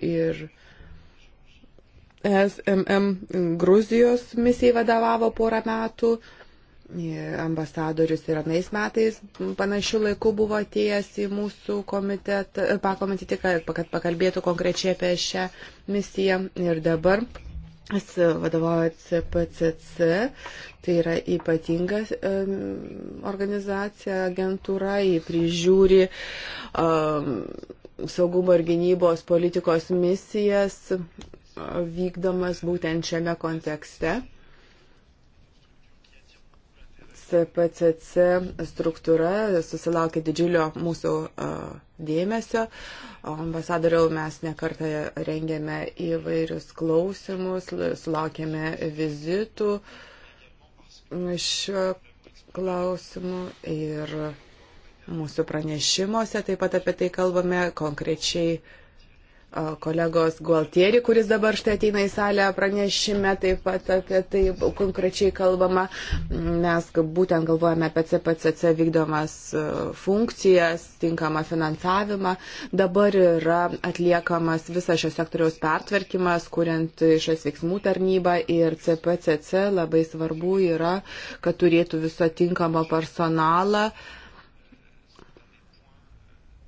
ir SMM Gruzijos misijai vadovavo porą metų. Ambasadorius ir anais metais panašių laikų buvo atėjęs į mūsų komitetą, pakomitetį, kad pakalbėtų konkrečiai apie šią misiją. Ir dabar jis vadovauja CPCC, tai yra ypatinga organizacija, agentūra, jį prižiūri. Um, saugumo ir gynybos politikos misijas vykdomas būtent šiame kontekste. CPCC struktūra susilaukė didžiulio mūsų dėmesio. Ambasadoriau mes nekartą rengėme įvairius klausimus, sulaukėme vizitų šio klausimu ir Mūsų pranešimuose taip pat apie tai kalbame konkrečiai kolegos Gualtieri, kuris dabar štai ateina į salę pranešime, taip pat apie tai konkrečiai kalbama. Mes būtent galvojame apie CPCC vykdomas funkcijas, tinkamą finansavimą. Dabar yra atliekamas visas šio sektoriaus pertvarkymas, kuriant išas veiksmų tarnybą ir CPCC labai svarbu yra, kad turėtų viso tinkamo personalą. Uh,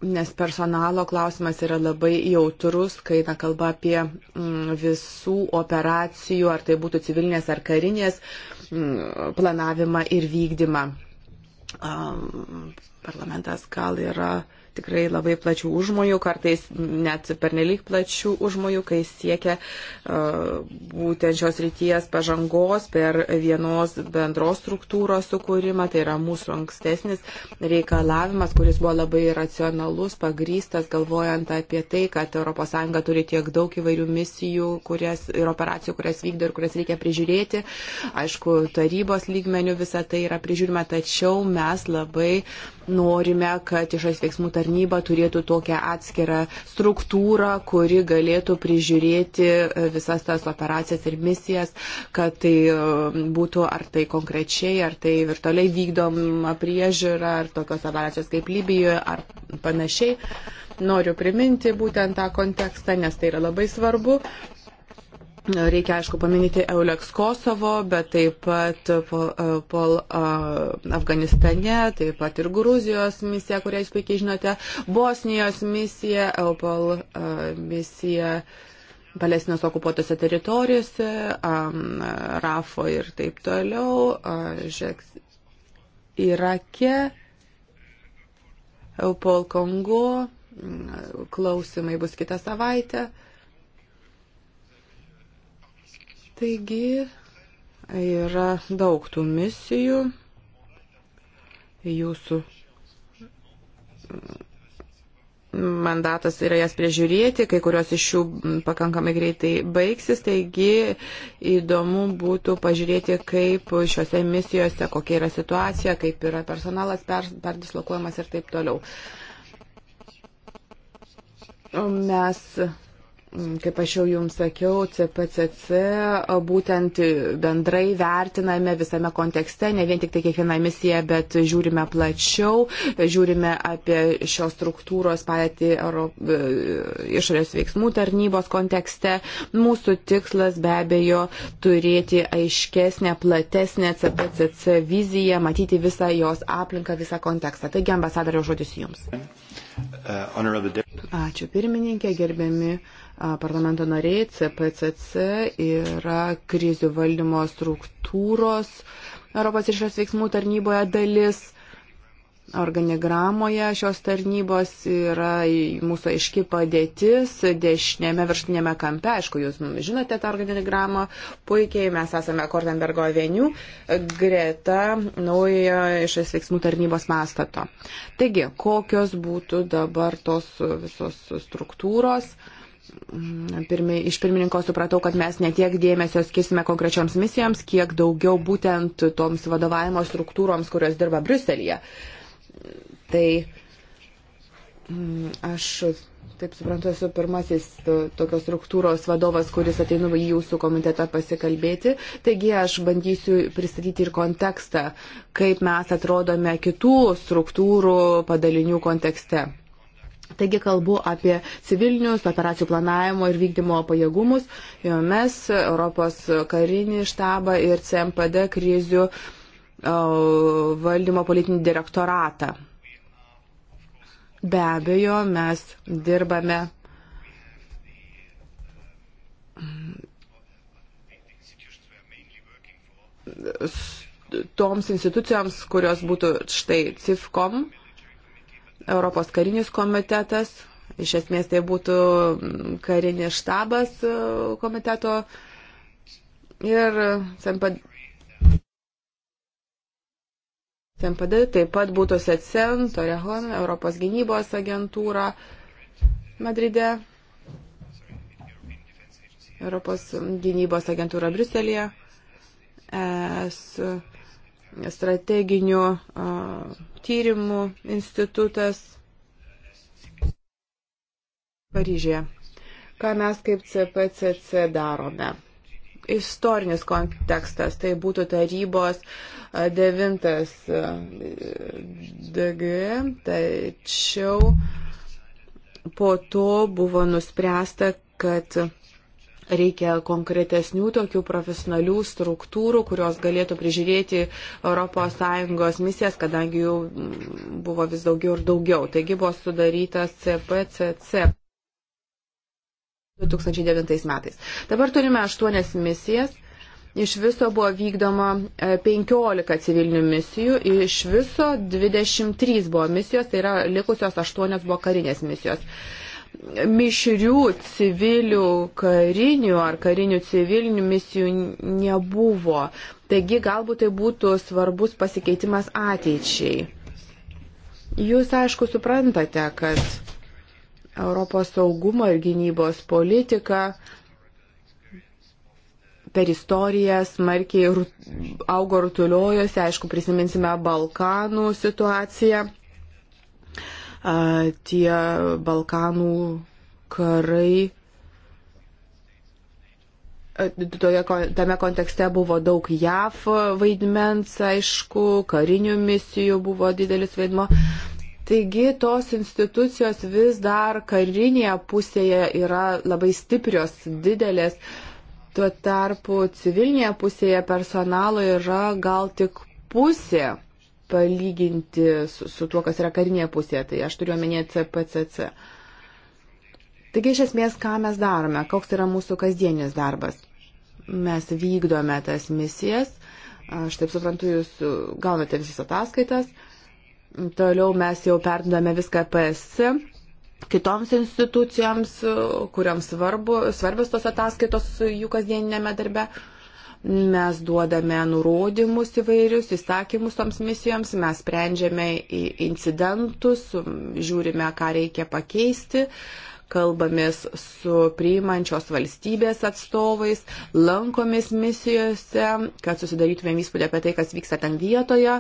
nes personalo klausimas yra labai jautrus, kai na, kalba apie mm, visų operacijų, ar tai būtų civilinės ar karinės, mm, planavimą ir vykdymą. Um, parlamentas gal yra. Uh, tikrai labai plačių užmojų, kartais net pernelyg plačių užmojų, kai siekia uh, būtent šios ryties pažangos per vienos bendros struktūros sukūrimą. Tai yra mūsų ankstesnis reikalavimas, kuris buvo labai racionalus, pagrystas, galvojant apie tai, kad ES turi tiek daug įvairių misijų kurias, ir operacijų, kurias vykdo ir kurias reikia prižiūrėti. Aišku, tarybos lygmenių visą tai yra prižiūrima, tačiau mes labai norime, kad išorės veiksmų tarybos tarnyba turėtų tokią atskirą struktūrą, kuri galėtų prižiūrėti e, visas tas operacijas ir misijas, kad tai e, būtų ar tai konkrečiai, ar tai virtualiai vykdoma priežiūra, ar tokios operacijos kaip Libijoje, ar panašiai. Noriu priminti būtent tą kontekstą, nes tai yra labai svarbu. Reikia, aišku, paminėti Euleks Kosovo, bet taip pat e, Pol, pol e, Afganistane, taip pat ir Gruzijos misija, kurią jūs puikiai žinote, Bosnijos misija, Eupol e, misija. Palestinos okupuotose teritorijose, um, Rafo ir taip toliau, uh, žeks, Irake, Eupol Kongo, klausimai bus kitą savaitę. Uh, Taigi yra daug tų misijų jūsų mm, mandatas yra jas priežiūrėti, kai kurios iš jų mm, pakankamai greitai baigsis, taigi įdomu būtų pažiūrėti, kaip šiuose misijose, kokia yra situacija, kaip yra personalas per, perdislokuojamas ir taip toliau. Mes Mm, kaip aš jau jums sakiau, CPCC būtent bendrai vertiname visame kontekste, ne vien tik tai kiekvieną misiją, bet žiūrime plačiau, žiūrime apie šios struktūros patį e, išorės veiksmų tarnybos kontekste. Mūsų tikslas be abejo turėti aiškesnę, platesnę CPCC viziją, matyti visą jos aplinką, visą kontekstą. Taigi, ambasadorio žodis jums. Uh, Ačiū pirmininkė, gerbiami uh, parlamento nariai, CPCC yra krizių valdymo struktūros Europos išras veiksmų tarnyboje dalis. Organigramoje šios tarnybos yra mūsų aiški padėtis dešinėme viršutinėme kampe. Aišku, jūs žinote tą organigramą puikiai. Mes esame Kortenbergo aveniu greta naujojo išras veiksmų tarnybos mastato. Taigi, kokios būtų dabar tos visos struktūros? Uh, Mm, pirmi, iš pirmininko supratau, kad mes netiek dėmesio skirsime konkrečioms misijoms, kiek daugiau būtent toms vadovavimo struktūroms, kurios dirba Bruselėje. Tai mm, aš, taip suprantu, esu pirmasis tokios struktūros vadovas, kuris ateinu į jūsų komitetą pasikalbėti. Taigi aš bandysiu pristatyti ir kontekstą, kaip mes atrodome kitų struktūrų padalinių kontekste. Taigi kalbu apie civilinius operacijų planavimo ir vykdymo pajėgumus. Mes Europos karinį štabą ir CMPD krizių valdymo politinį direktoratą. Be abejo, mes dirbame toms institucijoms, kurios būtų štai CIFCOM Europos karinis komitetas, iš esmės tai būtų mm, karinis štabas e, komiteto ir CMPD, CMPD taip pat būtų SECEN, Torehon, Europos gynybos agentūra Madride, Europos gynybos agentūra Briuselėje. Es, strateginių tyrimų institutas Paryžėje. Ką mes kaip CPCC darome? Istorinis kontekstas, tai būtų tarybos devintas DG, tačiau po to buvo nuspręsta, kad Reikia konkretesnių tokių profesionalių struktūrų, kurios galėtų prižiūrėti ES misijas, kadangi jų mm, buvo vis daugiau ir daugiau. Taigi buvo sudarytas CPCC 2009 metais. Dabar turime aštuonias misijas. Iš viso buvo vykdoma 15 e, civilinių misijų, iš viso 23 buvo misijos, tai yra likusios 8 buvo karinės misijos mišrių civilių karinių ar karinių civilinių misijų nebuvo. Taigi galbūt tai būtų svarbus pasikeitimas ateičiai. Jūs aišku suprantate, kad Europos saugumo ir gynybos politika per istoriją smarkiai augo rutuliojosi, aišku, prisiminsime Balkanų situaciją tie Balkanų karai. Toje, tame kontekste buvo daug JAF vaidmens, aišku, karinių misijų buvo didelis vaidmo. Taigi tos institucijos vis dar karinėje pusėje yra labai stiprios, didelės. Tuo tarpu civilinėje pusėje personalo yra gal tik pusė palyginti su, su tuo, kas yra karinėje pusėje, tai aš turiu omenyje CPCC. Taigi iš esmės, ką mes darome, koks yra mūsų kasdienis darbas. Mes vykdome tas misijas, aš taip suprantu, jūs gaunate visas ataskaitas, toliau mes jau perdodame viską PS kitoms institucijoms, kuriams svarbu, svarbios tos ataskaitos jų kasdieninėme darbe. Uh, Mes duodame nurodymus įvairius, įsakymus toms misijoms, mes sprendžiame incidentus, žiūrime, ką reikia pakeisti, kalbamės su priimančios valstybės atstovais, lankomis misijose, kad susidarytumėm įspūdį apie tai, kas vyksta ten vietoje.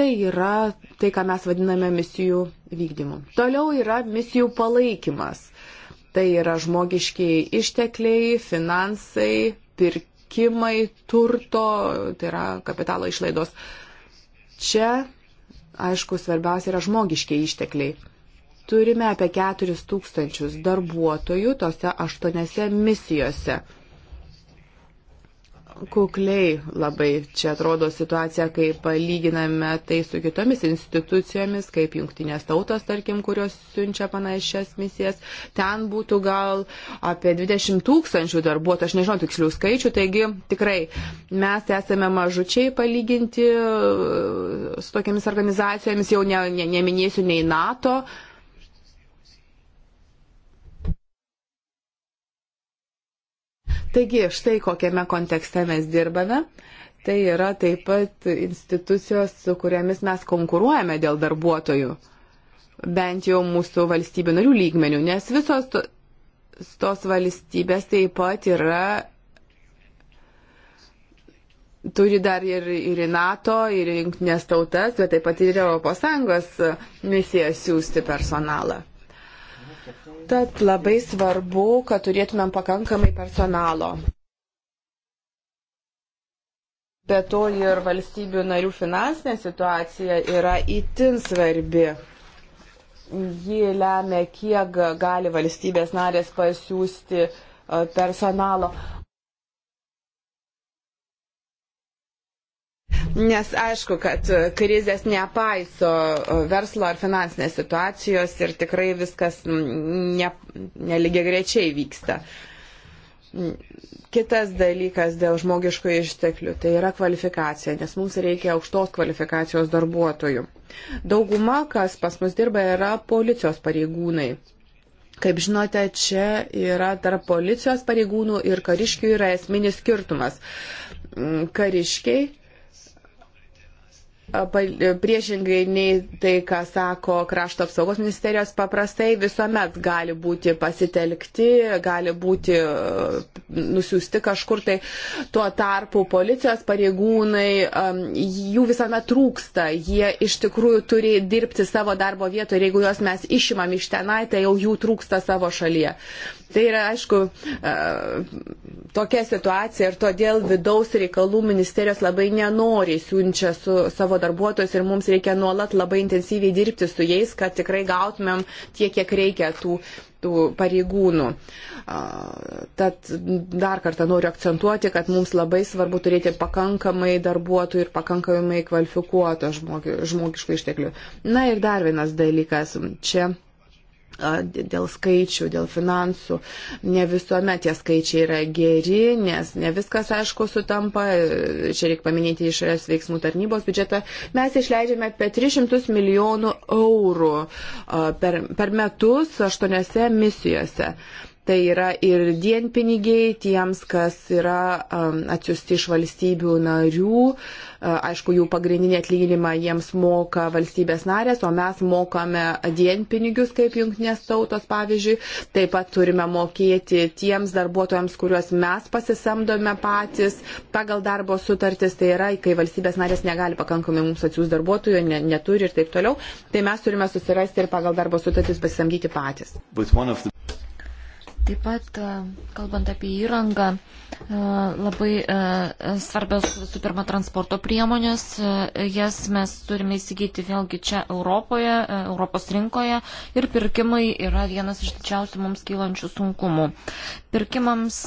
Tai yra tai, ką mes vadiname misijų vykdymu. Toliau yra misijų palaikymas. Tai yra žmogiškiai ištekliai, finansai, pirkimai turto, tai yra kapitalo išlaidos. Čia, aišku, svarbiausia yra žmogiškiai ištekliai. Turime apie 4 tūkstančius darbuotojų tose aštuoniose misijose kukliai labai čia atrodo situacija, kai palyginame tai su kitomis institucijomis, kaip jungtinės tautos, tarkim, kurios siunčia panašias misijas. Ten būtų gal apie 20 tūkstančių darbuotojų, aš nežinau tikslių skaičių, taigi tikrai mes esame mažučiai palyginti uh, su tokiamis organizacijomis, jau ne, ne, neminėsiu nei NATO, uh, Taigi, štai kokiame kontekste mes dirbame. Tai yra taip pat institucijos, su kuriamis mes konkuruojame dėl darbuotojų, bent jau mūsų valstybių narių lygmenių, nes visos to, tos valstybės taip pat yra, turi dar ir, ir į NATO, ir į jungtinės tautas, bet taip pat ir Europos Sąjungos misiją siūsti personalą. Tad labai svarbu, kad turėtumėm pakankamai personalo. Be to ir valstybių narių finansinė situacija yra itin svarbi. Ji lemia, kiek gali valstybės narės pasiūsti e, personalo. Nes aišku, kad krizės nepaiso verslo ar finansinės situacijos ir tikrai viskas ne, neligiai grečiai vyksta. Kitas dalykas dėl žmogiškų išteklių tai yra kvalifikacija, nes mums reikia aukštos kvalifikacijos darbuotojų. Dauguma, kas pas mus dirba, yra policijos pareigūnai. Kaip žinote, čia yra tarp policijos pareigūnų ir kariškių yra esminis skirtumas. Mm, kariškiai priešingai nei tai, ką sako krašto apsaugos ministerijos, paprastai visuomet gali būti pasitelkti, gali būti e, nusiųsti kažkur tai. Tuo tarpu policijos pareigūnai, jų visuomet trūksta, jie iš tikrųjų turi dirbti savo darbo vietoje ir jeigu juos mes išimam iš tenai, tai jau jų trūksta savo šalyje. Tai yra, aišku, tokia situacija ir todėl vidaus reikalų ministerijos labai nenoriai siunčia su savo darbuotojus ir mums reikia nuolat labai intensyviai dirbti su jais, kad tikrai gautumėm tiek, kiek reikia tų, tų pareigūnų. Tad dar kartą noriu akcentuoti, kad mums labai svarbu turėti pakankamai darbuotojų ir pakankamai kvalifikuoto žmogiškų išteklių. Na ir dar vienas dalykas. Čia dėl skaičių, dėl finansų. Ne visuomet tie skaičiai yra geri, nes ne viskas, aišku, sutampa. Čia reikia paminėti išorės veiksmų tarnybos biudžetą. Mes išleidžiame apie 300 milijonų eurų per, per metus aštuoniuose misijose. Tai yra ir dienpinigiai tiems, kas yra um, atsiusti iš valstybių narių. Uh, aišku, jų pagrindinį atlyginimą jiems moka valstybės narės, o mes mokame dienpinigius, kaip jungtinės tautos, pavyzdžiui. Taip pat turime mokėti tiems darbuotojams, kuriuos mes pasisamdome patys pagal darbo sutartis. Tai yra, kai valstybės narės negali pakankamai mums atsiųs darbuotojų, ne, neturi ir taip toliau. Tai mes turime susirasti ir pagal darbo sutartis pasisamdyti patys. Taip pat, e, kalbant apie įrangą, e, labai e, svarbios visų pirma transporto priemonės. Jas mes turime įsigyti vėlgi čia Europoje, Europos rinkoje ir pirkimai yra vienas iš didžiausių mums kylančių sunkumų. Pirkimams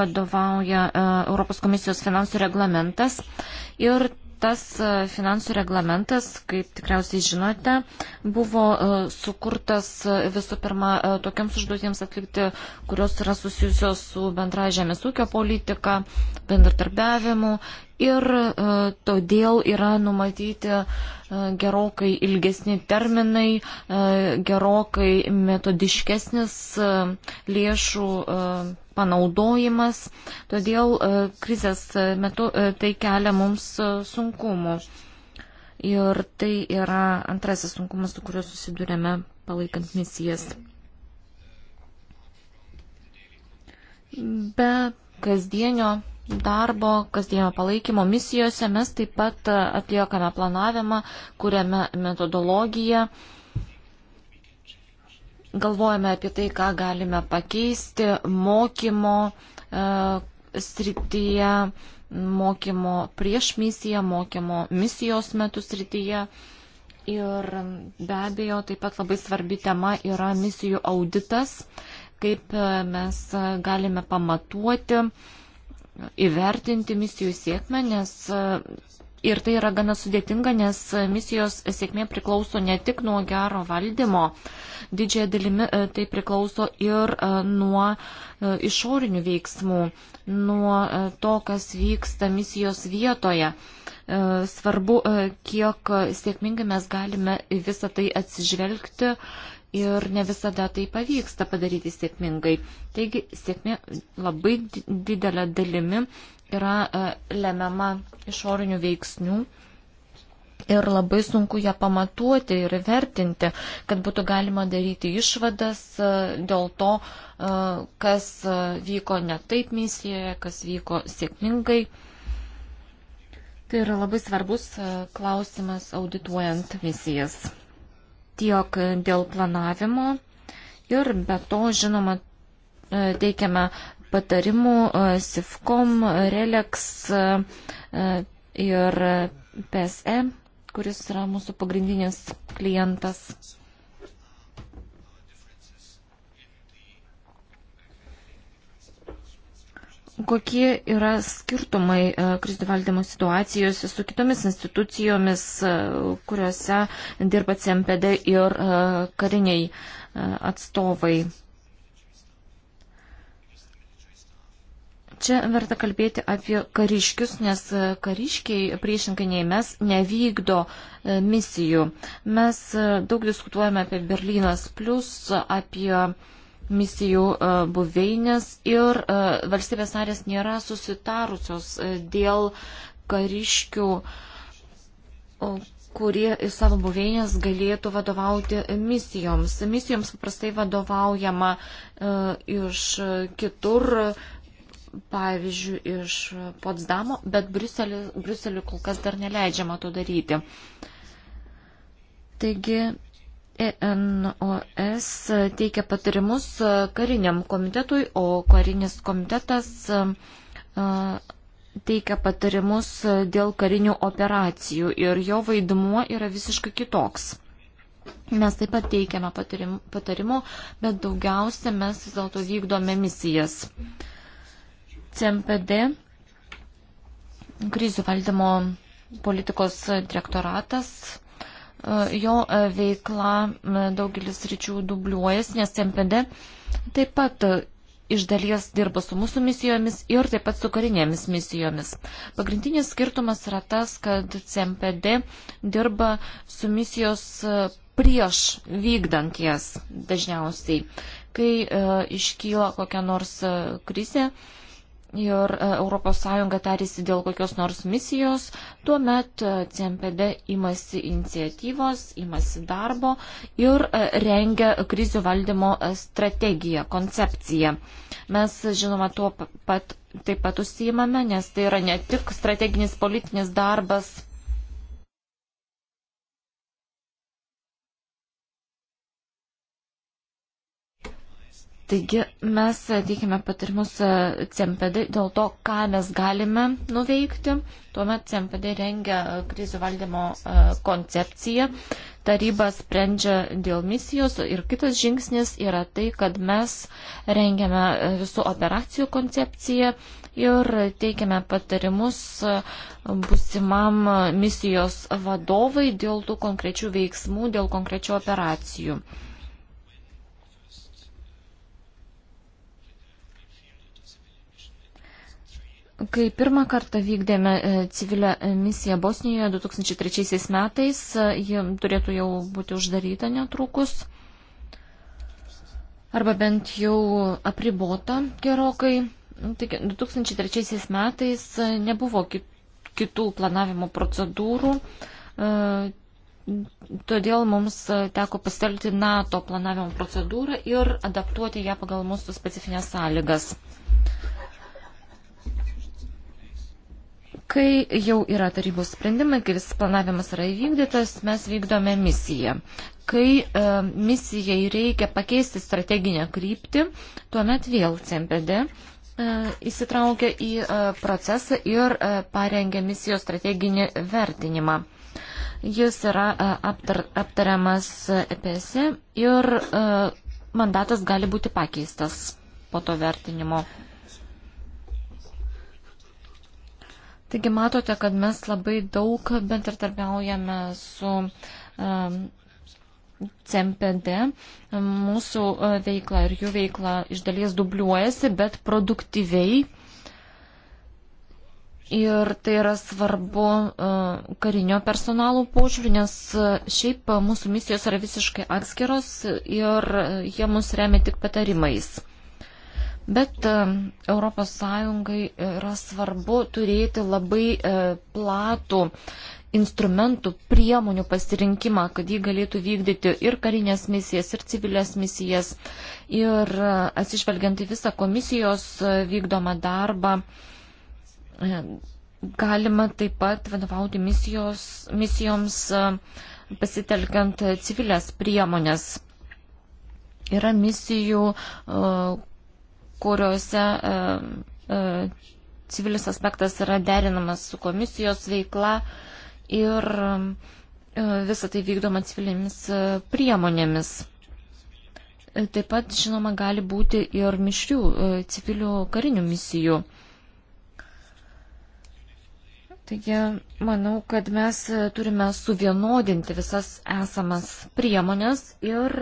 vadovauja Europos komisijos finansų reglamentas ir tas e, finansų reglamentas, kaip tikriausiai žinote, buvo e, sukurtas e, visų pirma tokiams užduotėms atlikti, kurios yra susijusios su bendra žemės ūkio politika, bendratarbiavimu ir todėl yra numatyti gerokai ilgesni terminai, gerokai metodiškesnis lėšų panaudojimas, todėl e, krizės e, metu e, tai kelia mums sunkumų. Ir tai yra antrasis sunkumas, su kuriuo susidurėme palaikant misijas. Be kasdienio darbo, kasdienio palaikymo misijose mes taip pat atliekame planavimą, kuriame metodologiją, uh, galvojame apie tai, ką galime pakeisti mokymo e, srityje, mokymo prieš misiją, mokymo misijos metų srityje. Ir be abejo, taip pat labai svarbi tema yra misijų auditas, kaip e, mes e, galime pamatuoti, įvertinti misijų sėkmę, nes e, Ir tai yra gana sudėtinga, nes misijos sėkmė priklauso ne tik nuo gero valdymo, didžiąją dalimi e, tai priklauso ir e, nuo e, išorinių veiksmų, nuo to, kas vyksta misijos vietoje. Svarbu, kiek sėkmingai mes galime visą tai atsižvelgti ir ne visada tai pavyksta padaryti sėkmingai. Taigi sėkmė labai didelė dalimi yra e, lemiama išorinių veiksnių. Ir labai sunku ją pamatuoti ir vertinti, kad būtų galima daryti išvadas e, dėl to, e, kas vyko ne taip misijoje, kas vyko sėkmingai. Tai yra labai svarbus klausimas audituojant misijas. Tiek dėl planavimo ir be to, žinoma, teikiame patarimų e, SIFCOM, RELEX e, e, ir PSE, kuris yra mūsų pagrindinis klientas. Kokie yra skirtumai krizių valdymo situacijose su kitomis institucijomis, kuriuose dirba CMPD ir kariniai atstovai? Čia verta kalbėti apie kariškius, nes e, kariškiai, priešinkai nei mes, nevykdo e, misijų. Mes e, daug diskutuojame apie Berlynas plus, apie misijų buveinės ir valstybės narės nėra susitarusios dėl kariškių kurie į savo buveinės galėtų vadovauti misijoms. Misijoms paprastai vadovaujama e, iš kitur pavyzdžių iš Potsdamo, bet Bruseliu kol kas dar neleidžiama to daryti. Taigi, ENOS teikia patarimus kariniam komitetui, o karinis komitetas teikia patarimus dėl karinių operacijų ir jo vaidmuo yra visiškai kitoks. Mes taip pat teikiame patarimų, bet daugiausia mes vis dėlto vykdome misijas. Uh, CMPD krizių valdymo politikos direktoratas. E, jo e, veikla daugelis ryčių dubliuojas, nes CMPD taip pat iš dalies dirba su mūsų misijomis ir taip pat su karinėmis misijomis. Pagrindinis skirtumas yra tas, kad CMPD dirba su misijos e, prieš vykdant jas dažniausiai. Kai e, iškyla kokia nors krizė, e, ir ES tarėsi dėl kokios nors misijos, tuomet e, CMPD imasi iniciatyvos, imasi darbo ir e, rengia krizių valdymo e, strategiją, koncepciją. Mes, žinoma, tuo pat taip pat užsiimame, nes tai yra ne tik strateginis politinis darbas Taigi mes e, teikime patarimus e, CMPD dėl to, ką mes galime nuveikti. Tuomet CMPD rengia e, krizių valdymo koncepciją, taryba sprendžia dėl misijos ir kitas žingsnis yra tai, kad mes rengiame visų operacijų koncepciją ir teikiame patarimus busimam misijos vadovai dėl tų konkrečių veiksmų, dėl konkrečių operacijų. Kai pirmą kartą vykdėme e, civilę e, misiją Bosnijoje 2003 metais, e, ji turėtų jau būti uždaryta netrukus, arba bent jau apribota gerokai. Tik 2003 metais nebuvo kitų planavimo procedūrų, todėl mums teko pasitelkti NATO planavimo procedūrą ir adaptuoti ją pagal mūsų specifines sąlygas. Kai jau yra tarybos sprendimai, kai visas planavimas yra įvykdytas, mes vykdome misiją. Kai e, misijai reikia pakeisti strateginę kryptį, tuomet vėl CMPD e, įsitraukia į e, procesą ir e, parengia misijos strateginį vertinimą. Jis yra e, aptar, aptariamas EPS e ir e, mandatas gali būti pakeistas po to vertinimo. Taigi matote, kad mes labai daug bendradarbiaujame su um, CMPD. Mūsų uh, veikla ir jų veikla iš dalies dubliuojasi, bet produktyviai. Ir tai yra svarbu uh, karinio personalo požiūrį, nes uh, šiaip uh, mūsų misijos yra visiškai atskiros ir jie mus remia tik patarimais. Bet ES yra svarbu turėti labai e, platų instrumentų, priemonių pasirinkimą, kad jį galėtų vykdyti ir karinės misijas, ir civilės misijas. Ir e, atsižvelgiant į visą komisijos e, vykdomą darbą, galima taip pat vadovauti misijos, misijoms pasitelkiant civilės priemonės. Yra misijų, kuriuose e, e, civilis aspektas yra derinamas su komisijos veikla ir e, visą tai vykdoma civilinėmis priemonėmis. Taip pat, žinoma, gali būti ir mišrių civilių karinių misijų. Taigi, manau, kad mes turime suvienodinti visas esamas priemonės ir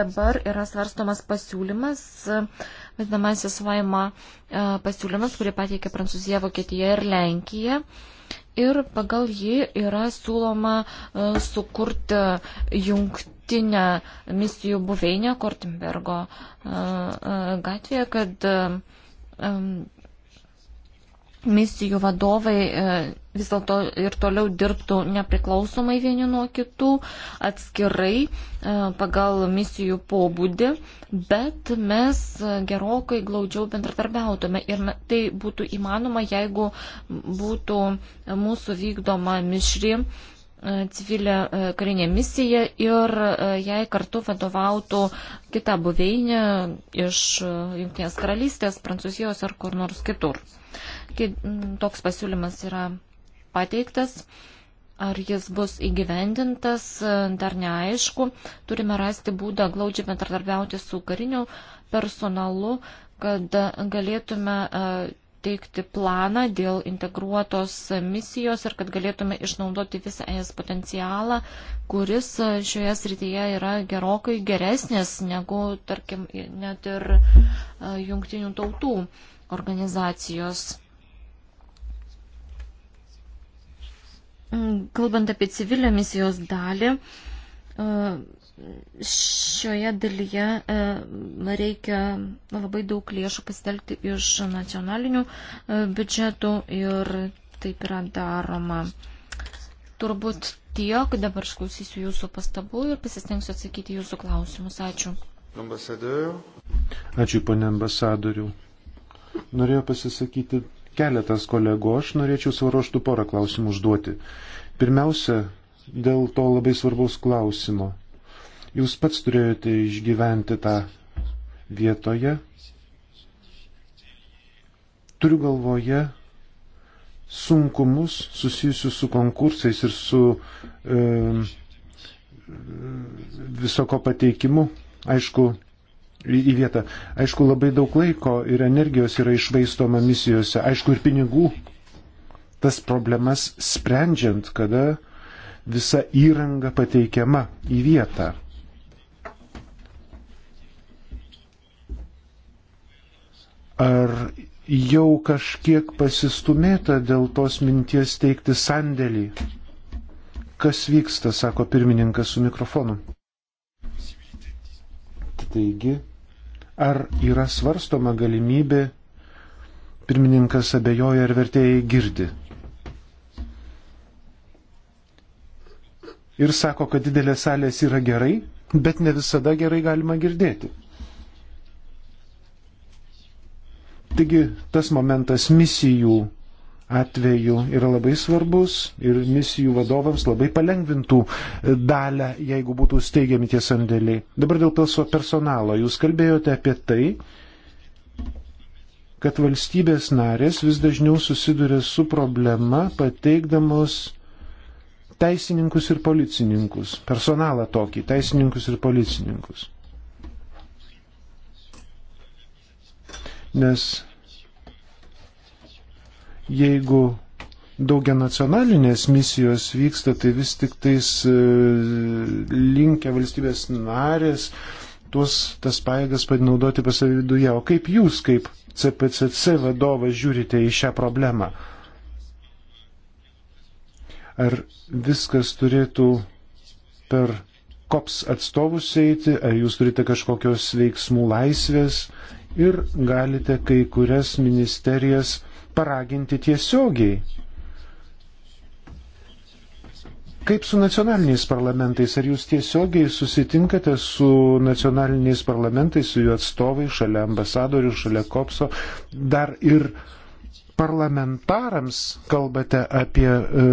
dabar yra svarstomas pasiūlymas, vadinamasis Vaima e, pasiūlymas, kurį pateikė Prancūzija, Vokietija ir Lenkija ir pagal jį yra siūloma e, sukurti jungtinę misijų buveinę Kortenbergo e, gatvėje, kad misijų vadovai e, vis dėlto ir toliau dirbtų nepriklausomai vieni nuo kitų, atskirai e, pagal misijų pobūdį, bet mes gerokai glaudžiau bendradarbiautume ir tai būtų įmanoma, jeigu būtų mūsų vykdoma mišri e, civilę karinę misiją ir jai kartu vadovautų kita buveinė iš Junktinės karalystės, Prancūzijos ar kur nors kitur. Taigi mm, toks pasiūlymas yra pateiktas. Ar jis bus įgyvendintas, e, dar neaišku. Turime rasti būdą glaudžiai bendradarbiauti su kariniu personalu, kad galėtume e, teikti planą dėl integruotos misijos ir kad galėtume išnaudoti visą ES potencialą, kuris e, šioje srityje yra gerokai geresnis negu, tarkim, net ir jungtinių tautų organizacijos. Mm, kalbant apie civilę misijos dalį, e, šioje dalyje e, reikia labai daug lėšų pasitelkti iš nacionalinių e, biudžetų ir taip yra daroma. Turbūt tiek, dabar išklausysiu jūsų pastabų ir pasistengsiu atsakyti jūsų klausimus. Ačiū. Ambasadoriu. Ačiū, ponė ambasadoriu. Norėjau pasisakyti keletas kolegų, aš norėčiau savo ruoštų porą klausimų užduoti. Pirmiausia, dėl to labai svarbaus klausimo. Jūs pats turėjote išgyventi tą vietoje. Turiu galvoje sunkumus susijusius su konkursais ir su e, visoko pateikimu. Aišku, į vietą. Aišku, labai daug laiko ir energijos yra išvaistoma misijose, aišku, ir pinigų. Tas problemas sprendžiant, kada visa įranga pateikiama į vietą. Ar jau kažkiek pasistumėta dėl tos minties teikti sandėlį? Kas vyksta, sako pirmininkas su mikrofonu. Taigi, Ar yra svarstoma galimybė, pirmininkas abejoja, ar vertėjai girdi. Ir sako, kad didelės salės yra gerai, bet ne visada gerai galima girdėti. Taigi tas momentas misijų atveju yra labai svarbus ir misijų vadovams labai palengvintų dalę, jeigu būtų steigiami tie sandėliai. Dabar dėl personalo. Jūs kalbėjote apie tai, kad valstybės narės vis dažniau susiduria su problema pateikdamos teisininkus ir policininkus, personalą tokį, teisininkus ir policininkus. Nes jeigu daugia nacionalinės misijos vyksta, tai vis tik tais e, linkia valstybės narės tuos tas paėgas panaudoti pas save viduje. O kaip jūs, kaip CPCC vadovas, žiūrite į šią problemą? Ar viskas turėtų per kops atstovus eiti, ar jūs turite kažkokios veiksmų laisvės ir galite kai kurias ministerijas paraginti tiesiogiai. Kaip su nacionaliniais parlamentais? Ar jūs tiesiogiai susitinkate su nacionaliniais parlamentais, su jų atstovai, šalia ambasadorių, šalia kopso, dar ir parlamentarams kalbate apie e,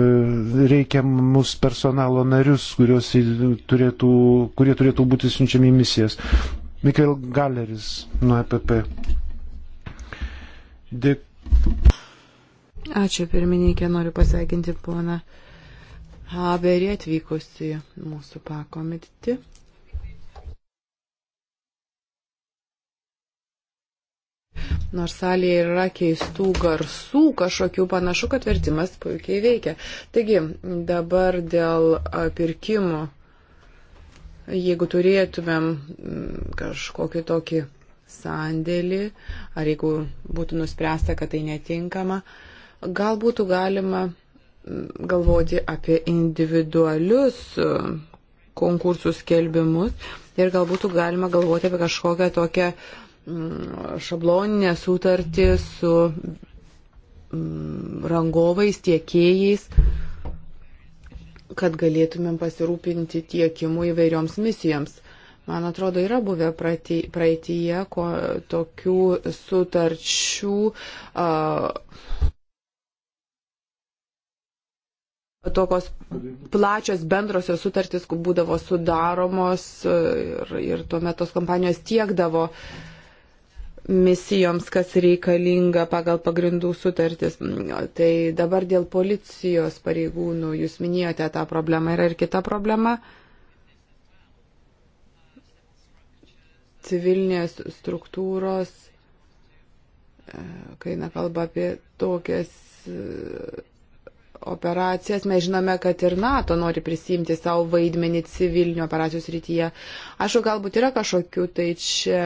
reikiamus personalo narius, kurios turėtų, kurie turėtų būti siunčiami į misijas? Mikael Galeris nuo EPP. Dėkui. Ačiū pirmininkė, noriu pasveikinti poną Haberį atvykusi mūsų pakomitį. Nors salėje yra keistų garsų, kažkokių panašu, kad vertimas puikiai veikia. Taigi, dabar dėl pirkimų, jeigu turėtumėm kažkokį tokį sandėlį, ar jeigu būtų nuspręsta, kad tai netinkama, gal būtų galima mm, galvoti apie individualius e, konkursų skelbimus ir gal būtų galima galvoti apie kažkokią tokią mm, šabloninę sutartį su mm, rangovais, tiekėjais, kad galėtumėm pasirūpinti tiekimu įvairioms misijoms. Man atrodo, yra buvę praeitįje ko, tokių sutarčių. Uh, tokios plačios bendrosios sutartys būdavo sudaromos e, ir, ir tuomet tos kompanijos tiekdavo misijoms, kas reikalinga pagal pagrindų sutartis. Tai dabar dėl policijos pareigūnų, jūs minėjote tą problemą, yra ir kita problema. Uh, civilinės struktūros, e, kai eina kalba apie tokias e, operacijas. Mes žinome, kad ir NATO nori prisimti savo vaidmenį civilinių operacijų srityje. Aišku, galbūt yra kažkokių tai čia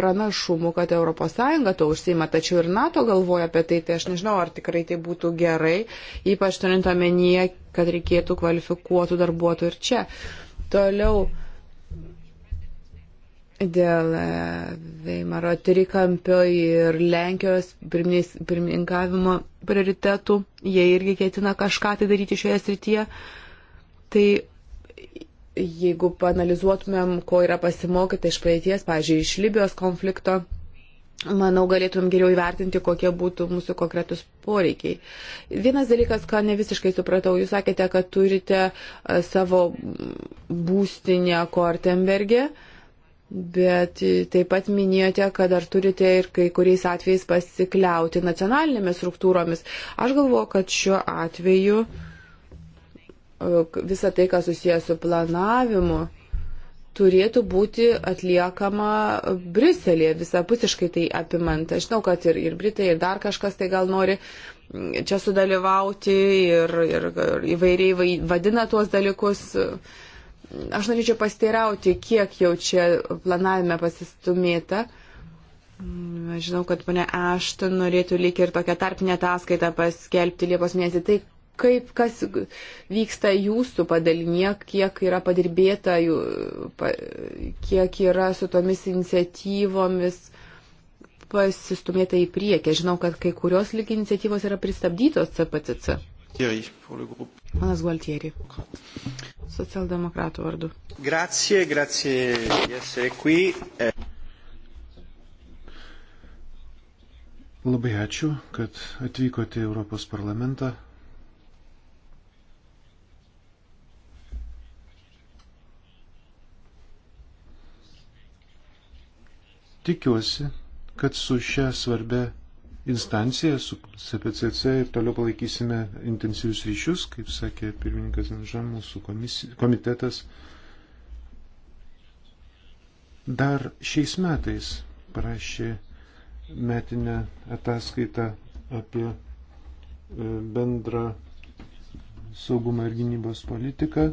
pranašumų, kad ES to užsima, tačiau ir NATO galvoja apie tai, tai aš nežinau, ar tikrai tai būtų gerai, ypač turint omenyje, kad reikėtų kvalifikuotų darbuotojų ir čia. Toliau dėl e, Veimaro trikampio ir Lenkijos pirmininkavimo prioritetų. Jie irgi ketina kažką tai daryti šioje srityje. Tai jeigu panalizuotumėm, ko yra pasimokyta iš praeities, pažiūrėjau, iš Libijos konflikto, manau, galėtumėm geriau įvertinti, kokie būtų mūsų konkretus poreikiai. Vienas dalykas, ką ne visiškai supratau, jūs sakėte, kad turite e, savo būstinę Kortenbergė. E Bet taip pat minėjote, kad ar turite ir kai kuriais atvejais pasikliauti nacionalinėmis struktūromis. Aš galvoju, kad šiuo atveju e, visa tai, kas susijęs su planavimu, turėtų būti atliekama Briuselėje, visapusiškai tai apimant. Aš žinau, kad ir, ir Britai, ir dar kažkas tai gal nori čia sudalyvauti ir, ir, ir įvairiai vadina tuos dalykus. Uh, Aš norėčiau pasteirauti, kiek jau čia planavime pasistumėta. Mm, aš žinau, kad ponia Ašton norėtų lyg ir tokią tarpinę ataskaitą paskelbti Liepos mėnesį. Tai kaip, kas vyksta jūsų padalinė, kiek yra padirbėta, kiek yra su tomis iniciatyvomis pasistumėta į priekį. Žinau, kad kai kurios lyg iniciatyvos yra pristabdytos CPCC. Manas Gualtieri socialdemokratų vardu. Grazie, grazie di essere qui. Eh. Labai ačiū, kad atvykote į Europos parlamentą. Tikiuosi, kad su šia svarbia instanciją su CPCC ir toliau palaikysime intensyvius ryšius, kaip sakė pirmininkas Anžan, mūsų komisi, komitetas. Dar šiais metais parašė metinę ataskaitą apie e, bendrą saugumą ir gynybos politiką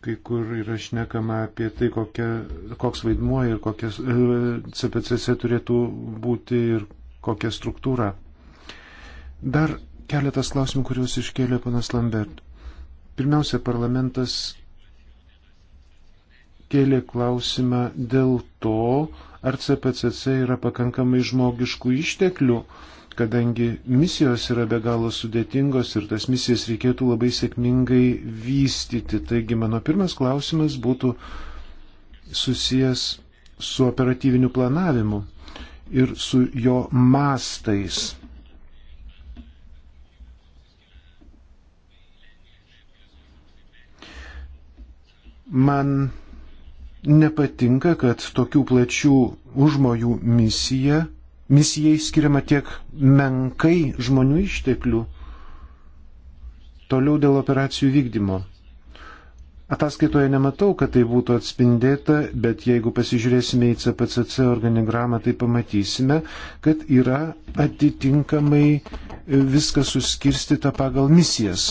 kai kur yra šnekama apie tai, kokia, koks vaidmuo ir kokia CPCC e, turėtų būti ir kokia struktūra. Dar keletas klausimų, kuriuos iškėlė panas Lambert. Pirmiausia, parlamentas kėlė klausimą dėl to, ar CPCC yra pakankamai žmogiškų išteklių, uh, kadangi misijos yra be galo sudėtingos ir tas misijas reikėtų labai sėkmingai vystyti. Taigi mano pirmas klausimas būtų susijęs su operatyviniu planavimu ir su jo mastais. Man nepatinka, kad tokių plačių užmojų misija misijai skiriama tiek menkai žmonių išteklių. Toliau dėl operacijų vykdymo. Ataskaitoje nematau, kad tai būtų atspindėta, bet jeigu pasižiūrėsime į CPCC organigramą, tai pamatysime, kad yra atitinkamai viskas suskirstyta pagal misijas.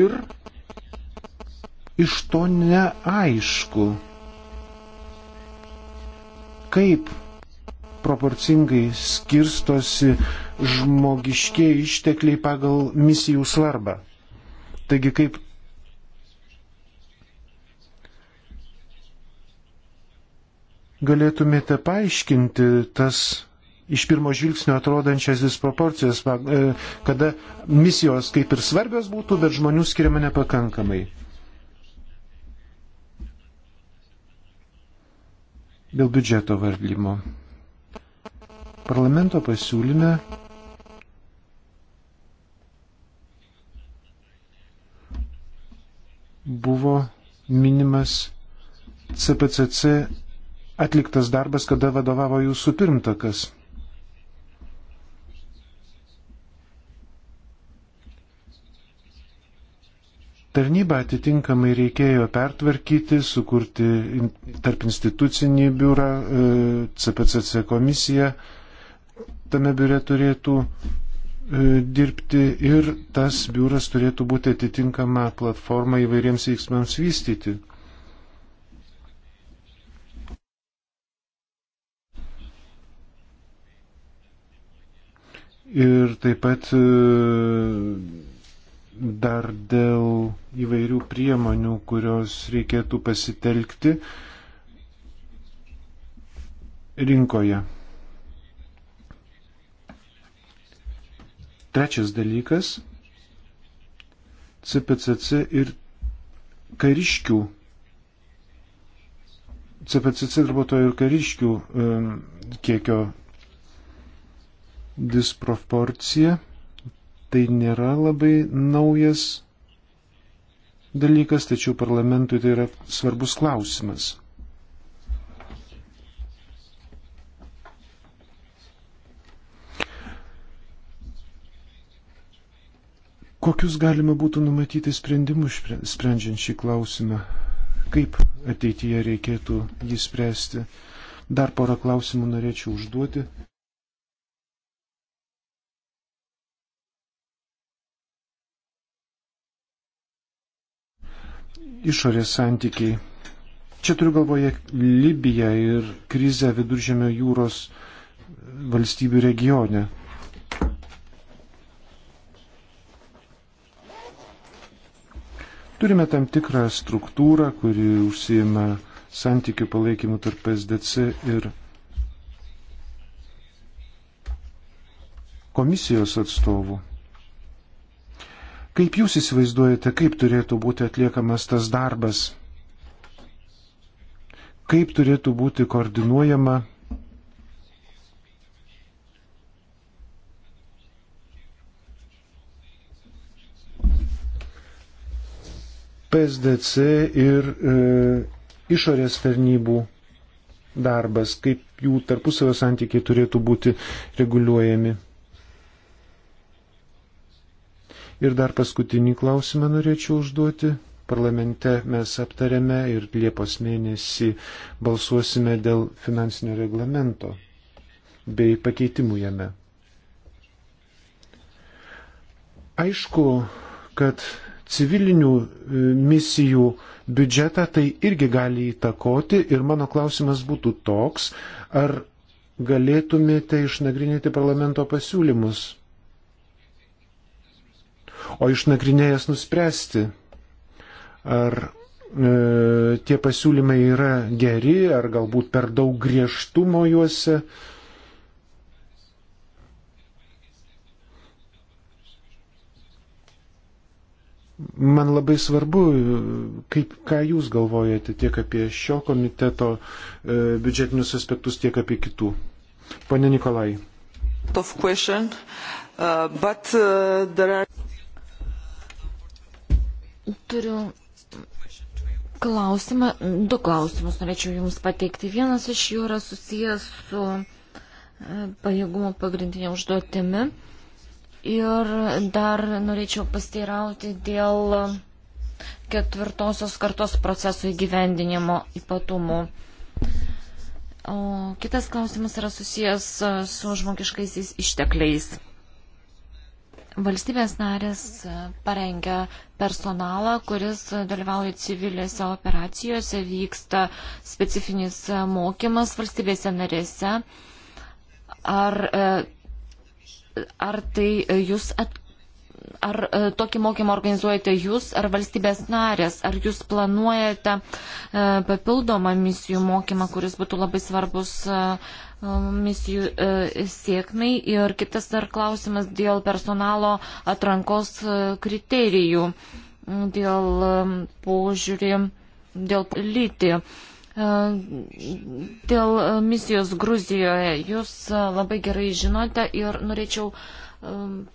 Ir iš to neaišku, kaip proporcingai skirstosi žmogiškiai ištekliai pagal misijų svarbą. Taigi kaip galėtumėte paaiškinti tas iš pirmo žvilgsnio atrodančias disproporcijas, e, kada misijos kaip ir svarbios būtų, bet žmonių skiriama nepakankamai. Dėl biudžeto valdymo. Parlamento pasiūlyme buvo minimas CPCC atliktas darbas, kada vadovavo jūsų pirmtakas. Tarnybą atitinkamai reikėjo pertvarkyti, sukurti tarp institucinį biurą, CPCC e, komisiją, tame biure turėtų e, dirbti ir tas biuras turėtų būti atitinkama platforma įvairiems veiksmams vystyti. Ir taip pat e, dar dėl įvairių priemonių, kurios reikėtų pasitelkti rinkoje. Trečias dalykas - CPCC ir kariškių. CPCC darbuotojų ir kariškių kiekio disproporcija. Tai nėra labai naujas dalykas, tačiau parlamentui tai yra svarbus klausimas. Kokius galima būtų numatyti sprendimus sprendžiant šį klausimą? Kaip ateityje reikėtų jį spręsti? Dar porą klausimų norėčiau užduoti. Išorės santykiai. Čia turiu galvoje Libiją ir krizę viduržėmio jūros valstybių regione. Turime tam tikrą struktūrą, kuri užsijima santykių palaikymų tarp SDC ir komisijos atstovų. Kaip jūs įsivaizduojate, kaip turėtų būti atliekamas tas darbas? Kaip turėtų būti koordinuojama PSDC ir e, išorės tarnybų darbas, kaip jų tarpusavio santykiai turėtų būti reguliuojami. Ir dar paskutinį klausimą norėčiau užduoti. Parlamente mes aptarėme ir Liepos mėnesį balsuosime dėl finansinio reglamento bei pakeitimų jame. Aišku, kad civilinių e, misijų biudžetą, tai irgi gali įtakoti. Ir mano klausimas būtų toks, ar galėtumėte išnagrinėti parlamento pasiūlymus, o išnagrinėjęs nuspręsti, ar e, tie pasiūlymai yra geri, ar galbūt per daug griežtumo juose. E, Man labai svarbu, kaip, ką Jūs galvojate tiek apie šio komiteto e, biudžetinius aspektus, tiek apie kitų. Pone Nikolai. Question, uh, but, uh, are... Turiu klausimą, du klausimus norėčiau Jums pateikti. Vienas iš jų yra susijęs su e, pajėgumo pagrindinė užduotimi. Uh, Ir dar norėčiau pasteirauti dėl ketvirtosios kartos procesų įgyvendinimo ypatumų. O kitas klausimas yra susijęs e, su žmogiškaisiais ištekliais. Valstybės narės e, parengia personalą, kuris dalyvauja civilėse operacijose, vyksta specifinis e, mokymas valstybėse narėse. Ar Ar tai e, jūs at, Ar e, tokį mokymą organizuojate jūs ar valstybės narės? Ar jūs planuojate e, papildomą misijų mokymą, kuris būtų labai svarbus e, e misijų e, sėkmai? Ir kitas dar klausimas dėl personalo atrankos e, kriterijų, dėl e, požiūrį, dėl lytį. E, Dėl misijos Gruzijoje jūs labai gerai žinote ir norėčiau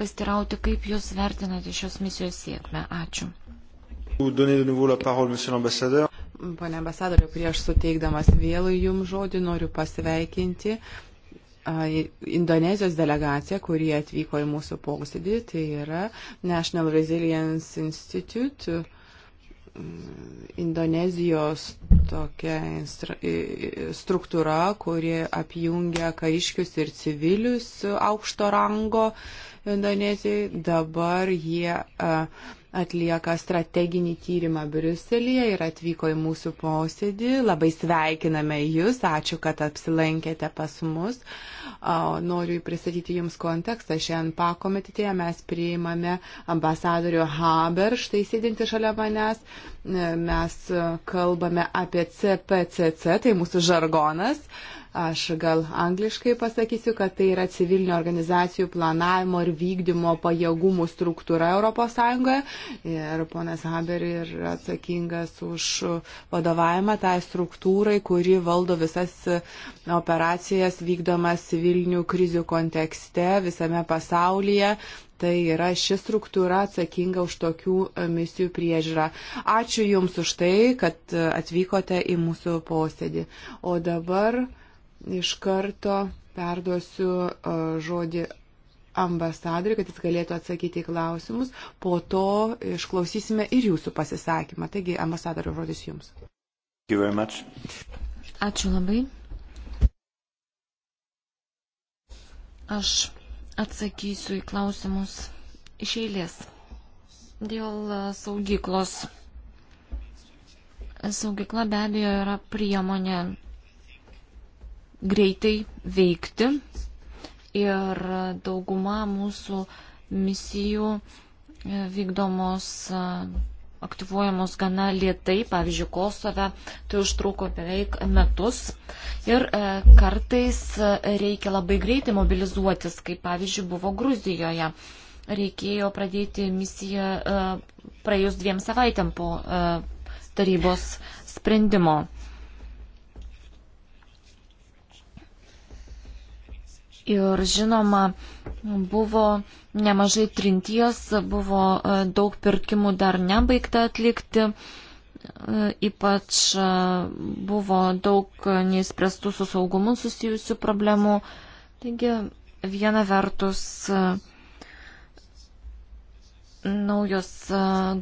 pastirauti, kaip jūs vertinate šios misijos sėkmę. Ačiū. Pane ambasadoriu, prieš suteikdamas vėl jums žodį noriu pasveikinti Indonezijos delegacija, kurie atvyko į mūsų posėdį, tai yra National Resilience Institute Indonezijos tokia struktūra, kuri apjungia kariškius ir civilius aukšto rango Indonezijai. Dabar jie atlieka strateginį tyrimą Briuselėje ir atvyko į mūsų posėdį. Labai sveikiname Jūs, ačiū, kad apsilankėte pas mus. Uh, Noriu pristatyti Jums kontekstą. Šiandien pakomitėje mes priimame ambasadorių Haber, štai sėdinti šalia manęs. Mes kalbame apie CPCC, tai mūsų žargonas. Aš gal angliškai pasakysiu, kad tai yra civilinio organizacijų planavimo ir vykdymo pajėgumų struktūra ES. Ir ponas Haber yra atsakingas už vadovavimą tai struktūrai, kuri valdo visas operacijas vykdomas civilinių krizių kontekste visame pasaulyje tai yra ši struktūra atsakinga už tokių misijų priežiūrą. Ačiū Jums už tai, kad atvykote į mūsų posėdį. O dabar iš karto perduosiu žodį ambasadoriui, kad jis galėtų atsakyti į klausimus. Po to išklausysime ir jūsų pasisakymą. Taigi, ambasadoriu, žodis jums. Ačiū labai. Aš atsakysiu į klausimus iš eilės. Dėl saugyklos. Saugykla be abejo yra priemonė greitai veikti ir dauguma mūsų misijų vykdomos aktyvuojamos gana lietai, pavyzdžiui, Kosove, tai užtruko beveik metus. Ir e, kartais reikia labai greitai mobilizuotis, kaip pavyzdžiui buvo Gruzijoje. Reikėjo pradėti misiją e, praėjus dviem savaitėm po e, tarybos sprendimo. Ir žinoma, buvo nemažai trinties, buvo e, daug pirkimų dar nebaigta atlikti, e, ypač e, buvo daug neįspręstų su saugumu susijusių problemų. Taigi, viena vertus, naujos